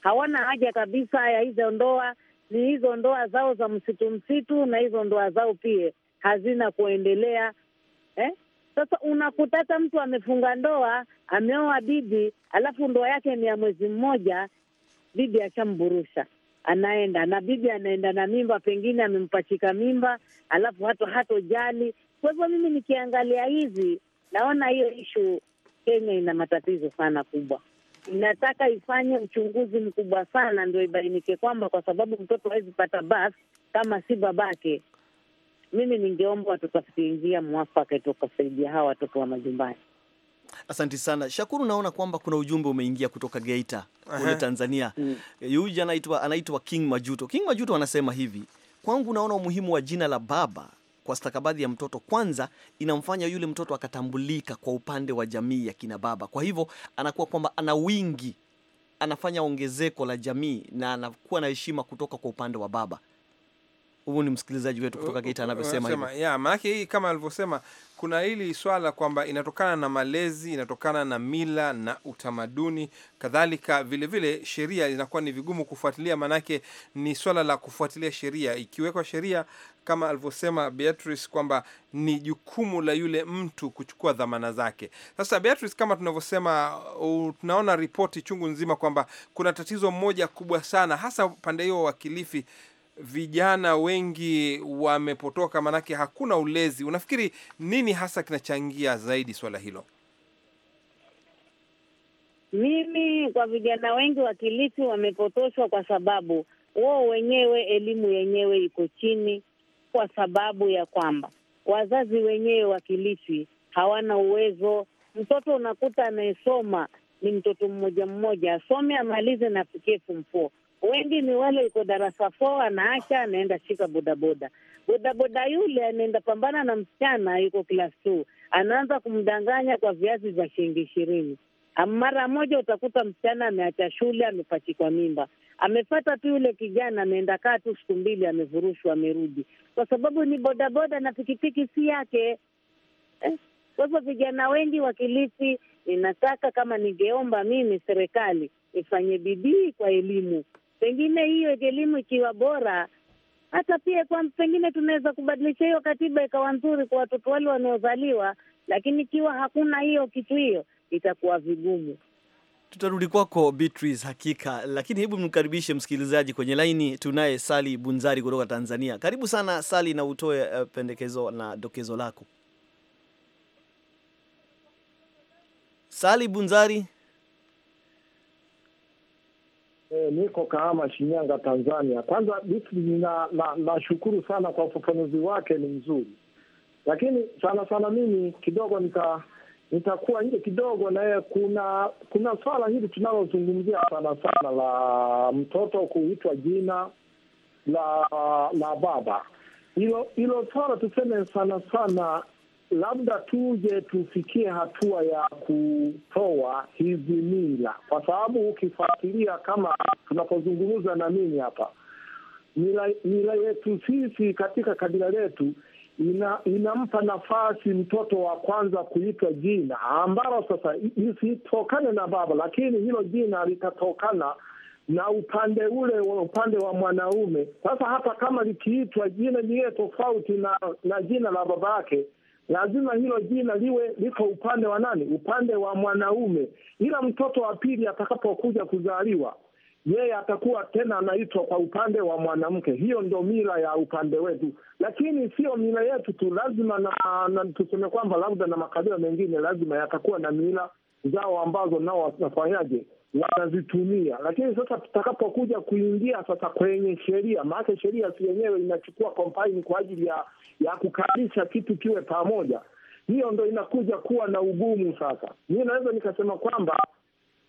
hawana haja kabisa ya hizo ndoa. Ni hizo ndoa zao za msitu msitu, na hizo ndoa zao pia hazina kuendelea eh? Sasa unakuta hata mtu amefunga ndoa, ameoa bibi, alafu ndoa yake ni ya mwezi mmoja, bibi ashamburusha anaenda na bibi anaenda na mimba, pengine amempachika mimba, alafu hato hatojali. Kwa hivyo mimi nikiangalia hizi, naona hiyo ishu Kenya ina matatizo sana kubwa, inataka ifanye uchunguzi mkubwa sana, ndio ibainike kwamba, kwa sababu mtoto hawezi pata birth kama si babake, mimi ningeomba tukafikie njia mwafaka tukasaidia hawa watoto wa majumbani. Asanti sana Shakuru, naona kwamba kuna ujumbe umeingia kutoka Geita kule Tanzania. Mm. Eh, anaitwa anaitwa King Majuto. King Majuto anasema hivi, kwangu naona umuhimu wa jina la baba kwa stakabadhi ya mtoto, kwanza inamfanya yule mtoto akatambulika kwa upande wa jamii ya kina baba, kwa hivyo anakuwa kwamba ana wingi, anafanya ongezeko la jamii na anakuwa na heshima kutoka kwa upande wa baba huu ni msikilizaji wetu kutoka Geita anavyosema hivyo. Yeah, maanake hii kama alivyosema kuna hili swala kwamba inatokana na malezi, inatokana na mila na utamaduni, kadhalika vilevile sheria inakuwa ni vigumu kufuatilia, maanake ni swala la kufuatilia sheria. Ikiwekwa sheria kama alivyosema Beatrice kwamba ni jukumu la yule mtu kuchukua dhamana zake. Sasa Beatrice, kama tunavyosema, tunaona ripoti chungu nzima kwamba kuna tatizo moja kubwa sana, hasa upande hiyo wa Kilifi vijana wengi wamepotoka, maanake hakuna ulezi. Unafikiri nini hasa kinachangia zaidi swala hilo? Mimi kwa vijana wengi wa Kilifi wamepotoshwa kwa sababu wao wenyewe elimu yenyewe iko chini, kwa sababu ya kwamba wazazi wenyewe wa Kilifi hawana uwezo. Mtoto unakuta anayesoma ni mtoto mmoja mmoja, asome amalize na afikie form four, wengi ni wale iko darasa fo, anaacha anaenda shika bodaboda. Bodaboda yule anaenda pambana na msichana yuko klas t anaanza kumdanganya kwa viazi vya shilingi ishirini. Mara moja utakuta msichana ameacha shule, amepachikwa mimba. Amefata tu yule kijana, ameenda kaa tu siku mbili, amevurushwa, amerudi, kwa sababu ni bodaboda na pikipiki si yake eh? Kwa hivyo vijana wengi wa ninataka kama ningeomba mimi serikali ifanye bidii kwa elimu, pengine hiyo elimu ikiwa bora, hata pia kwa pengine tunaweza kubadilisha hiyo katiba ikawa nzuri kwa watoto wale wanaozaliwa, lakini ikiwa hakuna hiyo kitu, hiyo itakuwa vigumu. Tutarudi kwako Beatrice hakika, lakini hebu mkaribishe msikilizaji kwenye laini. Tunaye Sali Bunzari kutoka Tanzania. Karibu sana Sali, na utoe eh, pendekezo na dokezo lako. Sali Bunzari, E, niko Kahama, Shinyanga, Tanzania. Kwanza nashukuru na, na sana kwa ufafanuzi wake, ni mzuri, lakini sana sana mimi kidogo nita nitakuwa nje kidogo na yeye. Kuna kuna swala hili tunalozungumzia sana sana la mtoto kuitwa jina la la baba, hilo hilo swala tuseme sana sana labda tuje tufikie hatua ya kutoa hizi mila, kwa sababu ukifuatilia kama tunapozungumza na mimi hapa, mila mila yetu sisi katika kabila letu ina, inampa nafasi mtoto wa kwanza kuitwa jina ambalo sasa isitokane na baba, lakini hilo jina litatokana na upande ule wa upande wa mwanaume. Sasa hata kama likiitwa jina lile tofauti na, na jina la baba yake lazima hilo jina liwe liko upande wa nani? Upande wa mwanaume, ila mtoto wa pili atakapokuja kuzaliwa yeye atakuwa tena anaitwa kwa upande wa mwanamke. Hiyo ndo mila ya upande wetu, lakini sio mila yetu tu, lazima na, na tuseme kwamba labda na makabila mengine lazima yatakuwa na mila zao ambazo nao wanafanyaje wanazitumia, lakini sasa tutakapokuja kuingia sasa kwenye sheria, maanake sheria si yenyewe inachukua kompaini kwa ajili ya, ya kukalisha kitu kiwe pamoja, hiyo ndo inakuja kuwa na ugumu sasa. Mi naweza nikasema kwamba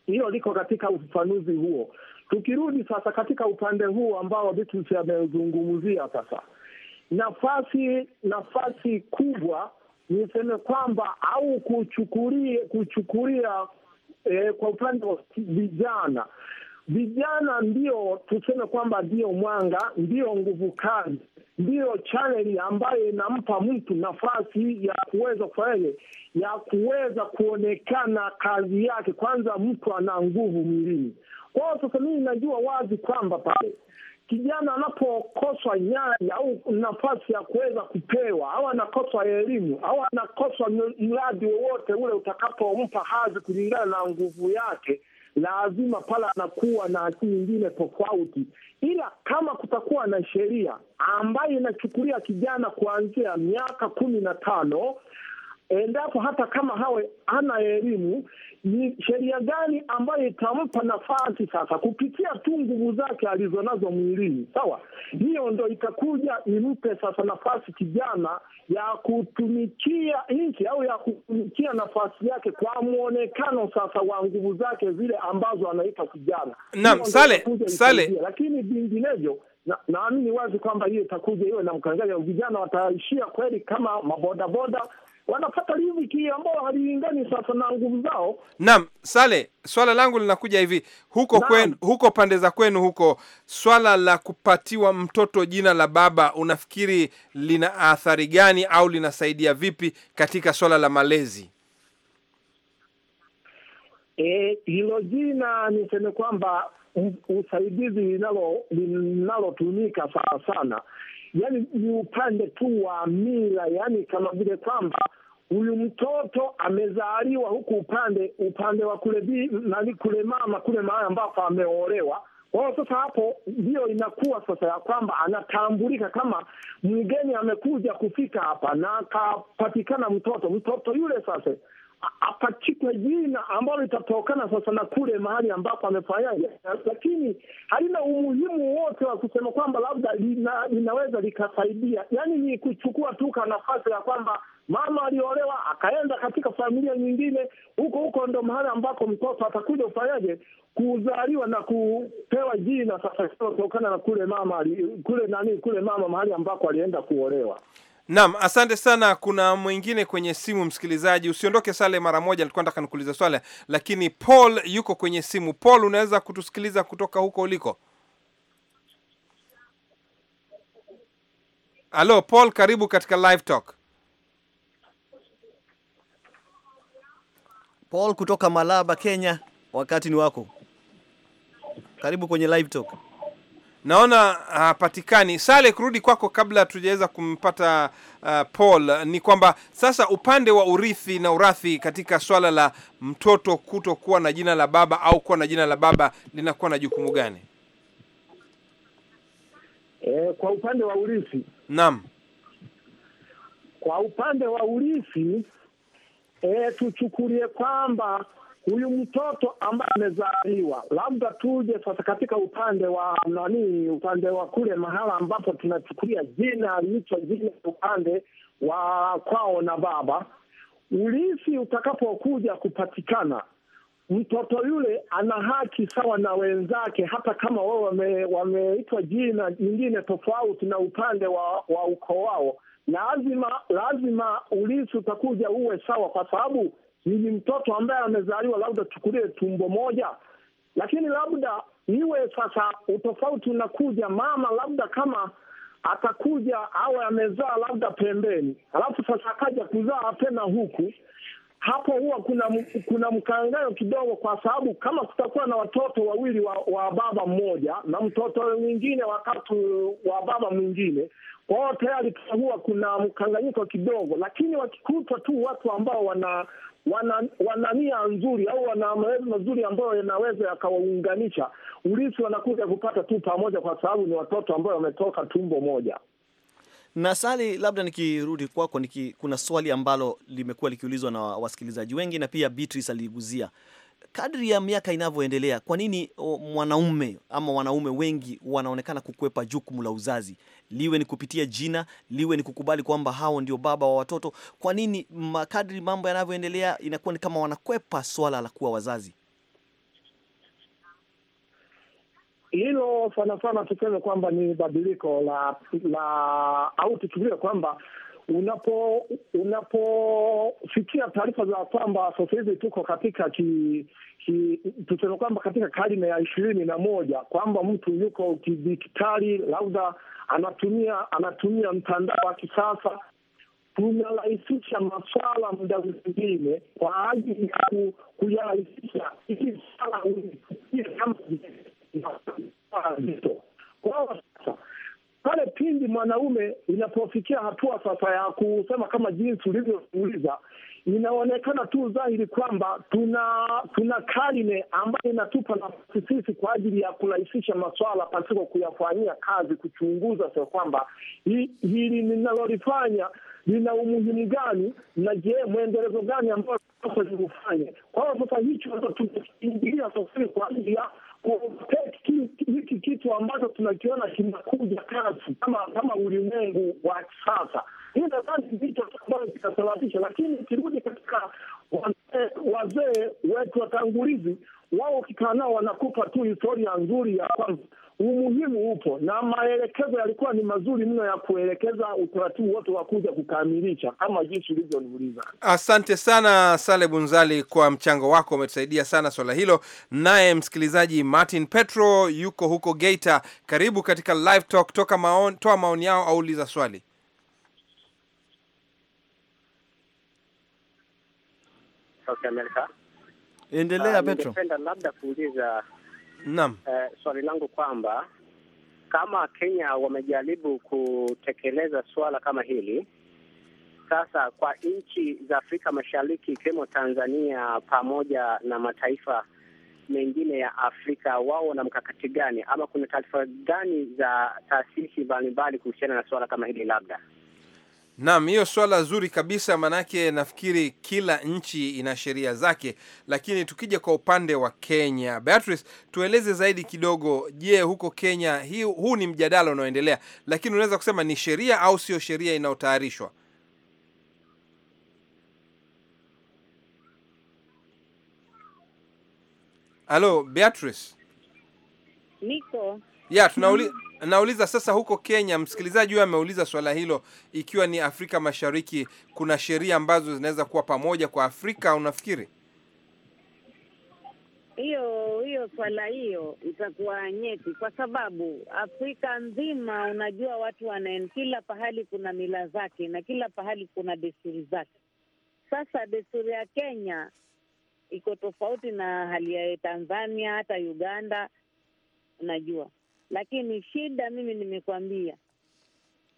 hilo liko katika ufafanuzi huo. Tukirudi sasa katika upande huu ambao vitu amezungumzia sasa, nafasi nafasi kubwa niseme kwamba au kuchukulia kuchukulia e, kwa upande wa vijana, vijana ndio tuseme kwamba ndio mwanga, ndio nguvu kazi, ndiyo chaneli ambayo inampa mtu nafasi ya kuweza kufanyaje, ya kuweza kuonekana kazi yake. Kwanza mtu ana nguvu mwilini kwao. Sasa mimi najua wazi kwamba pale kijana anapokoswa nyanja au nafasi ya kuweza kupewa au anakoswa elimu au anakoswa mradi wowote ule utakapompa hadhi kulingana na nguvu yake, lazima pale anakuwa na hati nyingine tofauti, ila kama kutakuwa na sheria ambayo inachukulia kijana kuanzia miaka kumi na tano endapo hata kama hawe ana elimu, ni sheria gani ambayo itampa nafasi sasa kupitia tu nguvu zake alizonazo mwilini? Sawa, hiyo ndo itakuja impe sasa nafasi kijana ya kutumikia nchi au ya kutumikia nafasi yake kwa mwonekano sasa wa nguvu zake zile ambazo anaita kijana. Naam, sale sale, lakini vinginevyo naamini na wazi kwamba hiyo itakuja iwe na mkangaja, vijana wataishia kweli kama mabodaboda wanapata riziki ambao halilingani sasa na nguvu zao. Naam, Sale, swala langu linakuja hivi huko kwenu, huko pande za kwenu huko, swala la kupatiwa mtoto jina la baba unafikiri lina athari gani au linasaidia vipi katika swala la malezi? E, hilo jina niseme kwamba usaidizi linalotumika linalo sana sana yani ni upande tu wa mila, yani kama vile kwamba huyu mtoto amezaliwa huku upande upande wa kule bi, nani kule mama kule mahali ambako ameolewa. kwao sasa hapo ndiyo inakuwa sasa ya kwamba anatambulika kama mgeni amekuja kufika hapa na akapatikana mtoto. Mtoto yule sasa apachikwe jina ambalo litatokana sasa na kule mahali ambapo amefanyaje, lakini halina umuhimu wote wa kusema kwamba labda lina, linaweza likasaidia. Yani ni kuchukua tu ka nafasi ya kwamba mama aliolewa akaenda katika familia nyingine, huko huko ndo mahali ambako mtoto atakuja ufanyaje kuzaliwa na kupewa jina sasa, kutokana na kule mama kule nani kule mama mahali ambako alienda kuolewa. Naam, asante sana. Kuna mwingine kwenye simu, msikilizaji, usiondoke Sale mara moja, nilikuwa nataka nikuuliza swala, lakini Paul yuko kwenye simu. Paul, unaweza kutusikiliza kutoka huko uliko? Halo Paul, karibu katika live talk. Paul kutoka Malaba, Kenya, wakati ni wako, karibu kwenye live talk naona ah, hapatikani. Sale, kurudi kwako kabla hatujaweza kumpata uh, Paul, ni kwamba sasa upande wa urithi na urathi katika swala la mtoto kutokuwa na jina la baba au kuwa na jina la baba linakuwa na jukumu gani? E, kwa upande wa urithi, naam, kwa upande wa urithi e, tuchukulie kwamba huyu mtoto ambaye amezaliwa labda tuje sasa katika upande wa nani, upande wa kule mahala ambapo tunachukulia jina aliitwa jina upande wa kwao na baba, ulisi utakapokuja kupatikana, mtoto yule ana haki sawa na wenzake, hata kama wao wameitwa wame jina nyingine tofauti na upande wa, wa ukoo wao, lazima lazima ulisi utakuja uwe sawa, kwa sababu ni mtoto ambaye amezaliwa labda tukulie tumbo moja, lakini labda iwe sasa utofauti unakuja mama, labda kama atakuja au amezaa labda pembeni, alafu sasa akaja kuzaa tena huku hapo huwa kuna kuna mkanganyo kidogo, kwa sababu kama kutakuwa na watoto wawili wa, wa baba mmoja na mtoto mwingine wakati wa baba mwingine, kwa hiyo tayari huwa kuna mkanganyiko kidogo, lakini wakikutwa tu watu ambao wana wana, wana nia nzuri au wana maelezo mazuri ambayo yanaweza yakawaunganisha, ulisi wanakuja kupata tu pamoja, kwa sababu ni watoto ambao wametoka tumbo moja. Na Sali, labda nikirudi kwako niki, kuna swali ambalo limekuwa likiulizwa na wasikilizaji wengi na pia Beatrice aliiguzia kadri ya miaka inavyoendelea, kwa nini mwanaume ama wanaume wengi wanaonekana kukwepa jukumu la uzazi, liwe ni kupitia jina, liwe ni kukubali kwamba hao ndio baba wa watoto? Kwa nini kadri mambo yanavyoendelea inakuwa ni kama wanakwepa swala la kuwa wazazi? hilo sana sana tuseme kwamba ni badiliko la la au tuchukulie kwamba unapo unapofikia taarifa za kwamba sasa hivi tuko katika ki, ki tuseme kwamba katika karne ya ishirini na moja kwamba mtu yuko kidijitali, labda anatumia anatumia mtandao wa kisasa, kunarahisisha maswala muda mwingine kwa ajili ya kuyarahisisha ili sala kama kwao. Sasa pale pindi mwanaume inapofikia hatua sasa ya kusema kama jinsi ulivyouliza, inaonekana tu dhahiri kwamba tuna tuna karne ambayo inatupa nafasi sisi kwa ajili ya kurahisisha maswala pasipo kuyafanyia kazi, kuchunguza sio kwamba hili ninalolifanya lina umuhimu gani na je, mwendelezo gani ambao kufanya Kwa hiyo sasa hicho tumeingilia sasa kwa ajili ya hiki kitu ambacho tunakiona kinakuja kasi kama kama ulimwengu wa sasa. Hii nadhani ndicho ambayo kinasababisha, lakini ukirudi katika wazee wetu watangulizi, wao ukikaa nao wanakupa tu historia nzuri ya kwamba Umuhimu upo na maelekezo yalikuwa ni mazuri mno ya kuelekeza utaratibu wote wa kuja kukamilisha kama jinsi ulivyoniuliza. Asante sana Sale Bunzali kwa mchango wako, umetusaidia sana swala hilo. Naye msikilizaji Martin Petro yuko huko Geita, karibu katika Live Talk. Toka maoni, toa maoni yao au uliza swali. Okay, Amerika, endelea ah, Petro. Ningependa labda kuuliza Naam. Eh, swali langu kwamba kama Kenya wamejaribu kutekeleza suala kama hili sasa kwa nchi za Afrika Mashariki ikiwemo Tanzania pamoja na mataifa mengine ya Afrika, wao wana mkakati gani ama kuna taarifa gani za taasisi mbalimbali kuhusiana na suala kama hili labda? Naam, hiyo swala zuri kabisa, maanake nafikiri kila nchi ina sheria zake, lakini tukija kwa upande wa Kenya, Beatrice, tueleze zaidi kidogo. Je, huko Kenya hii, huu ni mjadala unaoendelea, lakini unaweza kusema ni sheria au sio sheria inayotayarishwa? Halo Beatrice, niko ya tunauliza mm. Nauliza sasa huko Kenya, msikilizaji huyo ameuliza swala hilo, ikiwa ni Afrika Mashariki, kuna sheria ambazo zinaweza kuwa pamoja kwa Afrika, unafikiri? Hiyo hiyo swala hiyo itakuwa nyeti, kwa sababu Afrika nzima, unajua watu wana, kila pahali kuna mila zake na kila pahali kuna desturi zake. Sasa desturi ya Kenya iko tofauti na hali ya Tanzania, hata Uganda, unajua lakini shida mimi nimekwambia,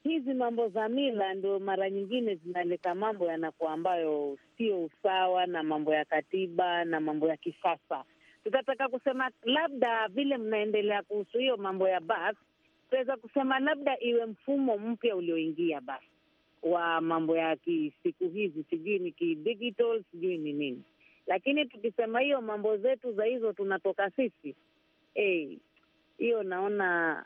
hizi mambo za mila ndio mara nyingine zinaleta mambo yanakuwa ambayo sio usawa na mambo ya katiba na mambo ya kisasa. Tutataka kusema labda vile mnaendelea kuhusu hiyo mambo ya bas tunaweza kusema labda iwe mfumo mpya ulioingia basi wa mambo ya kisiku hizi, sijui ni kidigital, sijui ni nini. Lakini tukisema hiyo mambo zetu za hizo tunatoka sisi, hey, eh, hiyo naona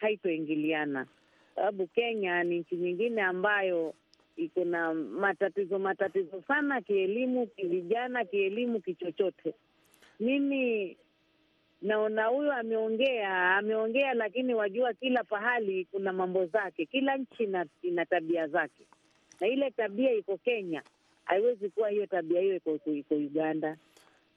haitoingiliana, sababu Kenya ni nchi nyingine ambayo iko na matatizo matatizo sana kielimu, kivijana, kielimu, kichochote. Mimi naona huyo ameongea ameongea, lakini wajua, kila pahali kuna mambo zake, kila nchi ina tabia zake, na ile tabia iko Kenya, haiwezi kuwa hiyo tabia hiyo iko Uganda,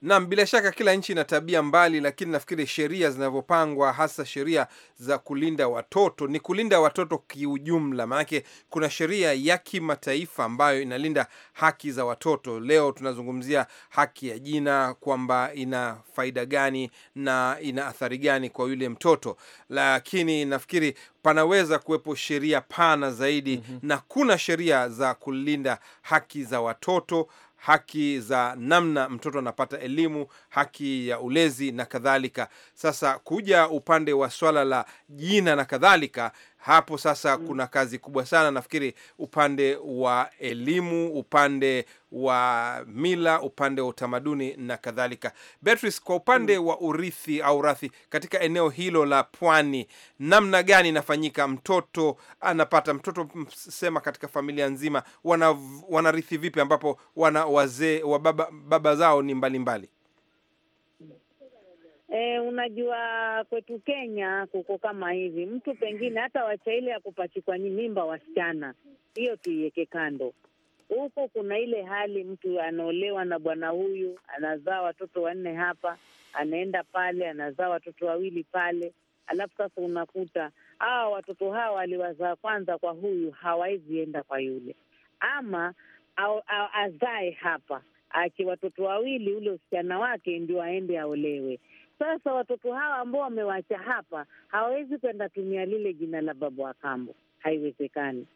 Naam, bila shaka kila nchi ina tabia mbali, lakini nafikiri sheria zinavyopangwa, hasa sheria za kulinda watoto, ni kulinda watoto kiujumla. Maanake kuna sheria ya kimataifa ambayo inalinda haki za watoto. Leo tunazungumzia haki ya jina, kwamba ina faida gani na ina athari gani kwa yule mtoto, lakini nafikiri panaweza kuwepo sheria pana zaidi. mm -hmm. Na kuna sheria za kulinda haki za watoto haki za namna mtoto anapata elimu, haki ya ulezi na kadhalika. Sasa kuja upande wa swala la jina na kadhalika, hapo sasa mm. Kuna kazi kubwa sana nafikiri, upande wa elimu, upande wa mila, upande wa utamaduni na kadhalika. Beatrice, kwa upande mm. wa urithi au rathi katika eneo hilo la pwani, namna gani inafanyika? Mtoto anapata mtoto sema, katika familia nzima wana, wanarithi vipi, ambapo wana wazee wa baba, baba zao ni mbalimbali mbali. E, unajua kwetu Kenya kuko kama hivi, mtu pengine hata wacha ile ya kupachikwa ni mimba wasichana, hiyo tuiweke kando. Huku kuna ile hali mtu anaolewa na bwana huyu, anazaa watoto wanne hapa, anaenda pale, anazaa watoto wawili pale, alafu sasa unakuta hawa ah, watoto hawa waliwazaa kwanza kwa huyu, hawawezi enda kwa yule, ama azae hapa aache watoto wawili ule usichana wake ndio aende aolewe. Sasa watoto hawa ambao wamewacha hapa hawawezi kwenda tumia lile jina la baba wa kambo, haiwezekani.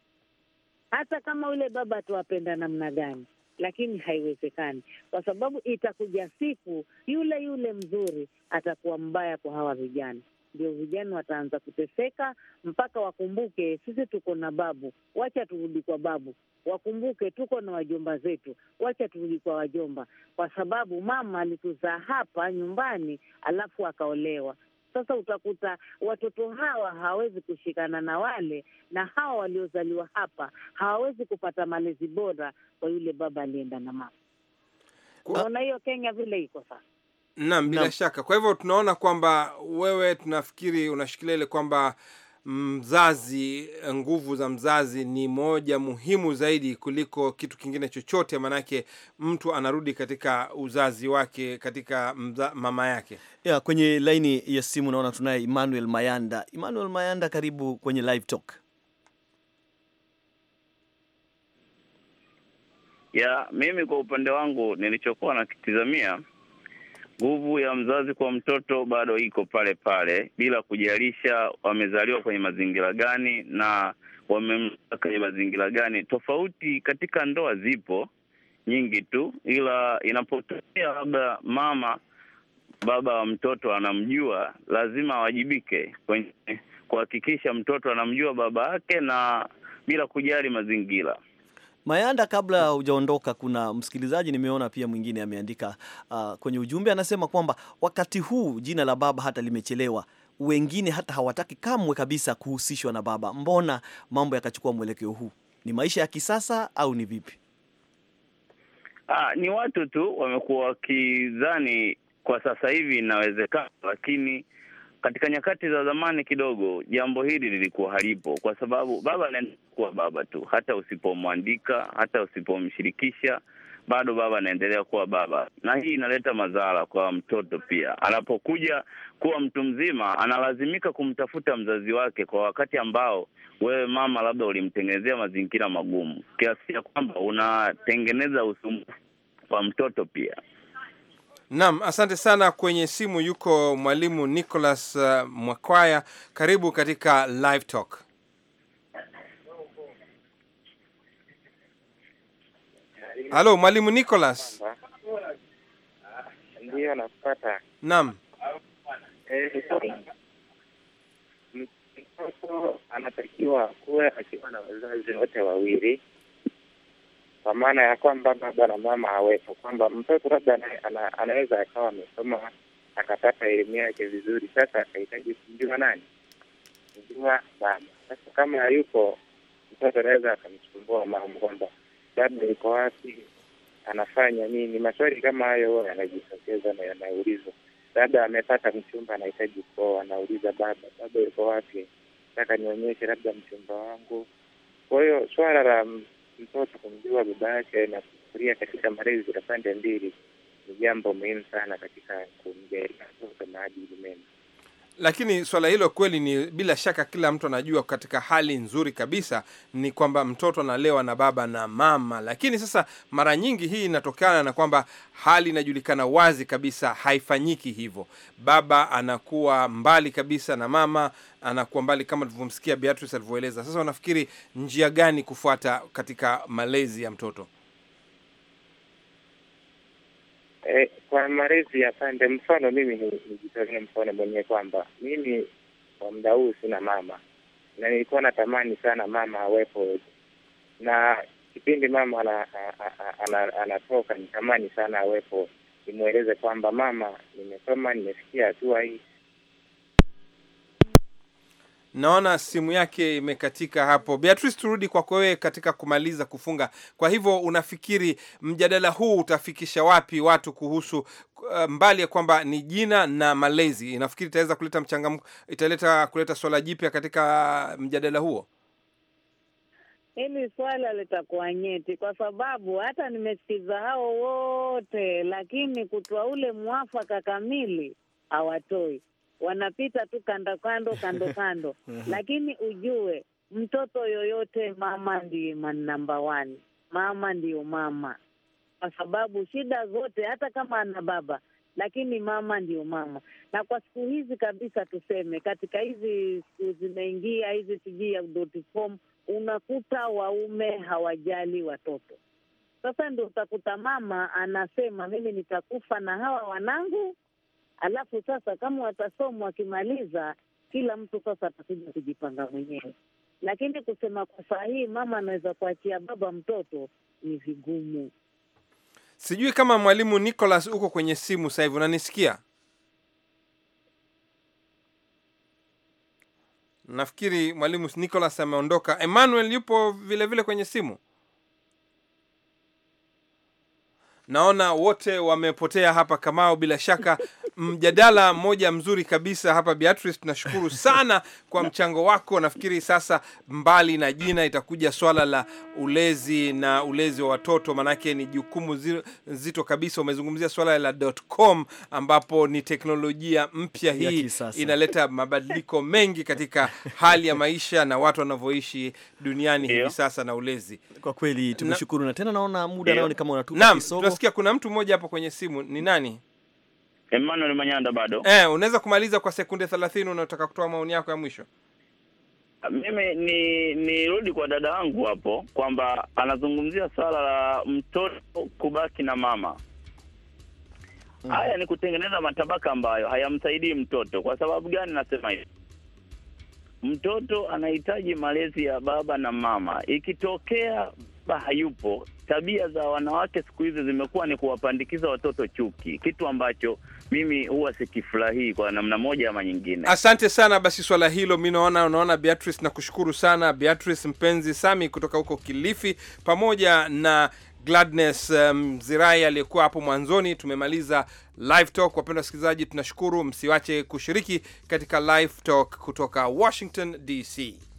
Hata kama yule baba atawapenda namna gani, lakini haiwezekani, kwa sababu itakuja siku yule yule mzuri atakuwa mbaya kwa hawa vijana ndio vijana wataanza kuteseka, mpaka wakumbuke sisi tuko na babu, wacha turudi kwa babu. Wakumbuke tuko na wajomba zetu, wacha turudi kwa wajomba, kwa sababu mama alituzaa hapa nyumbani alafu akaolewa. Sasa utakuta watoto hawa hawawezi kushikana na wale na hawa waliozaliwa hapa hawawezi kupata malezi bora kwa yule baba alienda na mama. Unaona hiyo Kenya vile iko sasa. Naam, bila na shaka. Kwa hivyo tunaona kwamba wewe, tunafikiri unashikilia ile kwamba mzazi, nguvu za mzazi ni moja muhimu zaidi kuliko kitu kingine chochote, maanake mtu anarudi katika uzazi wake, katika mza, mama yake ya. Kwenye laini ya simu naona tunaye Emmanuel Mayanda. Emmanuel Mayanda, karibu kwenye live talk. Ya, mimi kwa upande wangu nilichokuwa nakitizamia Nguvu ya mzazi kwa mtoto bado iko pale pale, bila kujalisha wamezaliwa kwenye mazingira gani na wamemzaa kwenye mazingira gani. Tofauti katika ndoa zipo nyingi tu, ila inapotokea labda mama baba wa mtoto anamjua, lazima awajibike kwenye kuhakikisha mtoto anamjua baba yake na bila kujali mazingira. Mayanda, kabla hujaondoka, kuna msikilizaji nimeona pia mwingine ameandika uh, kwenye ujumbe anasema kwamba wakati huu jina la baba hata limechelewa, wengine hata hawataki kamwe kabisa kuhusishwa na baba. Mbona mambo yakachukua mwelekeo huu? Ni maisha ya kisasa au ni vipi? Aa, ah, ni watu tu wamekuwa wakidhani kwa sasa hivi inawezekana, lakini katika nyakati za zamani kidogo jambo hili lilikuwa halipo, kwa sababu baba anaendelea kuwa baba tu, hata usipomwandika, hata usipomshirikisha, bado baba anaendelea kuwa baba, na hii inaleta madhara kwa mtoto pia. Anapokuja kuwa mtu mzima, analazimika kumtafuta mzazi wake kwa wakati ambao wewe mama labda ulimtengenezea mazingira magumu, kiasi cha kwamba unatengeneza usumbufu kwa mtoto pia. Naam, asante sana. Kwenye simu yuko mwalimu Nicholas uh, Mwakwaya, karibu katika Live Talk. Halo mwalimu Nicholas. Ndiyo, nakupata. Naam, eh, mtoto anatakiwa kuwe akiwa na wazazi wote wawili kwa maana ya kwamba baba na mama hawepo, kwamba mtoto labda ana, anaweza akawa amesoma akapata elimu yake vizuri, sasa akahitaji kumjua nani, kumjua mama. Sasa kama hayupo mtoto anaweza akamsumbua mama kwamba labda yuko wapi, anafanya nini. Maswali kama hayo yanajitokeza na yanaulizwa. Labda amepata mchumba, anahitaji kuoa, anauliza baba, baba yuko wapi, nataka nionyeshe labda mchumba wangu. Kwa hiyo swala la mtoto kumjua baba yake na kufikiria katika malezi ya pande mbili ni jambo muhimu sana katika kumjengea mtoto maadili mema. Lakini swala hilo kweli ni bila shaka, kila mtu anajua katika hali nzuri kabisa ni kwamba mtoto analewa na baba na mama, lakini sasa mara nyingi hii inatokana na kwamba hali inajulikana wazi kabisa, haifanyiki hivyo. Baba anakuwa mbali kabisa na mama anakuwa mbali, kama tulivyomsikia Beatrice alivyoeleza. Sasa wanafikiri njia gani kufuata katika malezi ya mtoto? E, kwa malezi ya pande, mfano mimi nijitolee mfano mwenyewe kwamba mimi kwa muda huu sina mama, na nilikuwa natamani sana mama awepo, na kipindi mama anatoka nitamani sana awepo, nimweleze kwamba mama, nimesoma, nimefikia hatua hii, Naona simu yake imekatika hapo. Beatrice, turudi kwako wewe katika kumaliza kufunga. Kwa hivyo unafikiri mjadala huu utafikisha wapi watu kuhusu eh, mbali ya kwamba ni jina na malezi? Inafikiri itaweza kuleta mchangamko, italeta kuleta swala jipya katika mjadala huo? Hili swala litakuwa nyeti, kwa sababu hata nimesikiza hao wote, lakini kutoa ule mwafaka kamili hawatoi wanapita tu kando kando kando (laughs) kando lakini ujue mtoto yoyote, mama ndiye namba one, mama ndiyo mama, kwa sababu shida zote, hata kama ana baba lakini mama ndiyo mama. Na kwa siku hizi kabisa, tuseme katika hizi siku zimeingia hizi, sijui ya dotcom, unakuta waume hawajali watoto. Sasa ndio utakuta mama anasema mimi nitakufa na hawa wanangu alafu sasa kama watasoma wakimaliza, kila mtu sasa atakuja kujipanga mwenyewe. Lakini kusema kwa saa hii mama anaweza kuachia baba mtoto ni vigumu. Sijui kama mwalimu Nicholas uko kwenye simu sasa hivi, unanisikia? Nafikiri mwalimu Nicholas ameondoka. Emmanuel yupo vilevile vile kwenye simu. Naona wote wamepotea hapa, Kamao. Bila shaka mjadala mmoja mzuri kabisa hapa Beatrice, tunashukuru sana kwa mchango wako. Nafikiri sasa, mbali na jina, itakuja swala la ulezi na ulezi wa watoto, maanake ni jukumu zito kabisa. Umezungumzia swala la .com ambapo ni teknolojia mpya hii inaleta mabadiliko mengi katika hali ya maisha na watu wanavyoishi duniani hivi sasa na ulezi. Kwa kweli tumeshukuru na, na tena naona muda nao ni kama unatupa kisogo. tunasikia kuna mtu mmoja hapo kwenye simu, ni nani? Emmanuel Manyanda bado. Eh, unaweza kumaliza kwa sekunde thelathini unaotaka kutoa maoni yako ya mwisho. Ah, mimi ni nirudi kwa dada wangu hapo kwamba anazungumzia swala la mtoto kubaki na mama. Hmm. Haya ni kutengeneza matabaka ambayo hayamsaidii mtoto. Kwa sababu gani nasema hivi? Mtoto anahitaji malezi ya baba na mama. Ikitokea baba hayupo, tabia za wanawake siku hizi zimekuwa ni kuwapandikiza watoto chuki, kitu ambacho mimi huwa sikifurahii kwa namna moja ama nyingine. Asante sana basi, swala hilo mi naona, unaona Beatrice, nakushukuru sana Beatrice mpenzi Sami kutoka huko Kilifi, pamoja na Gladness Mzirai um, aliyekuwa hapo mwanzoni. Tumemaliza live talk. wasikilizaji, tunashukuru, msiwache kushiriki katika live talk kutoka Washington DC.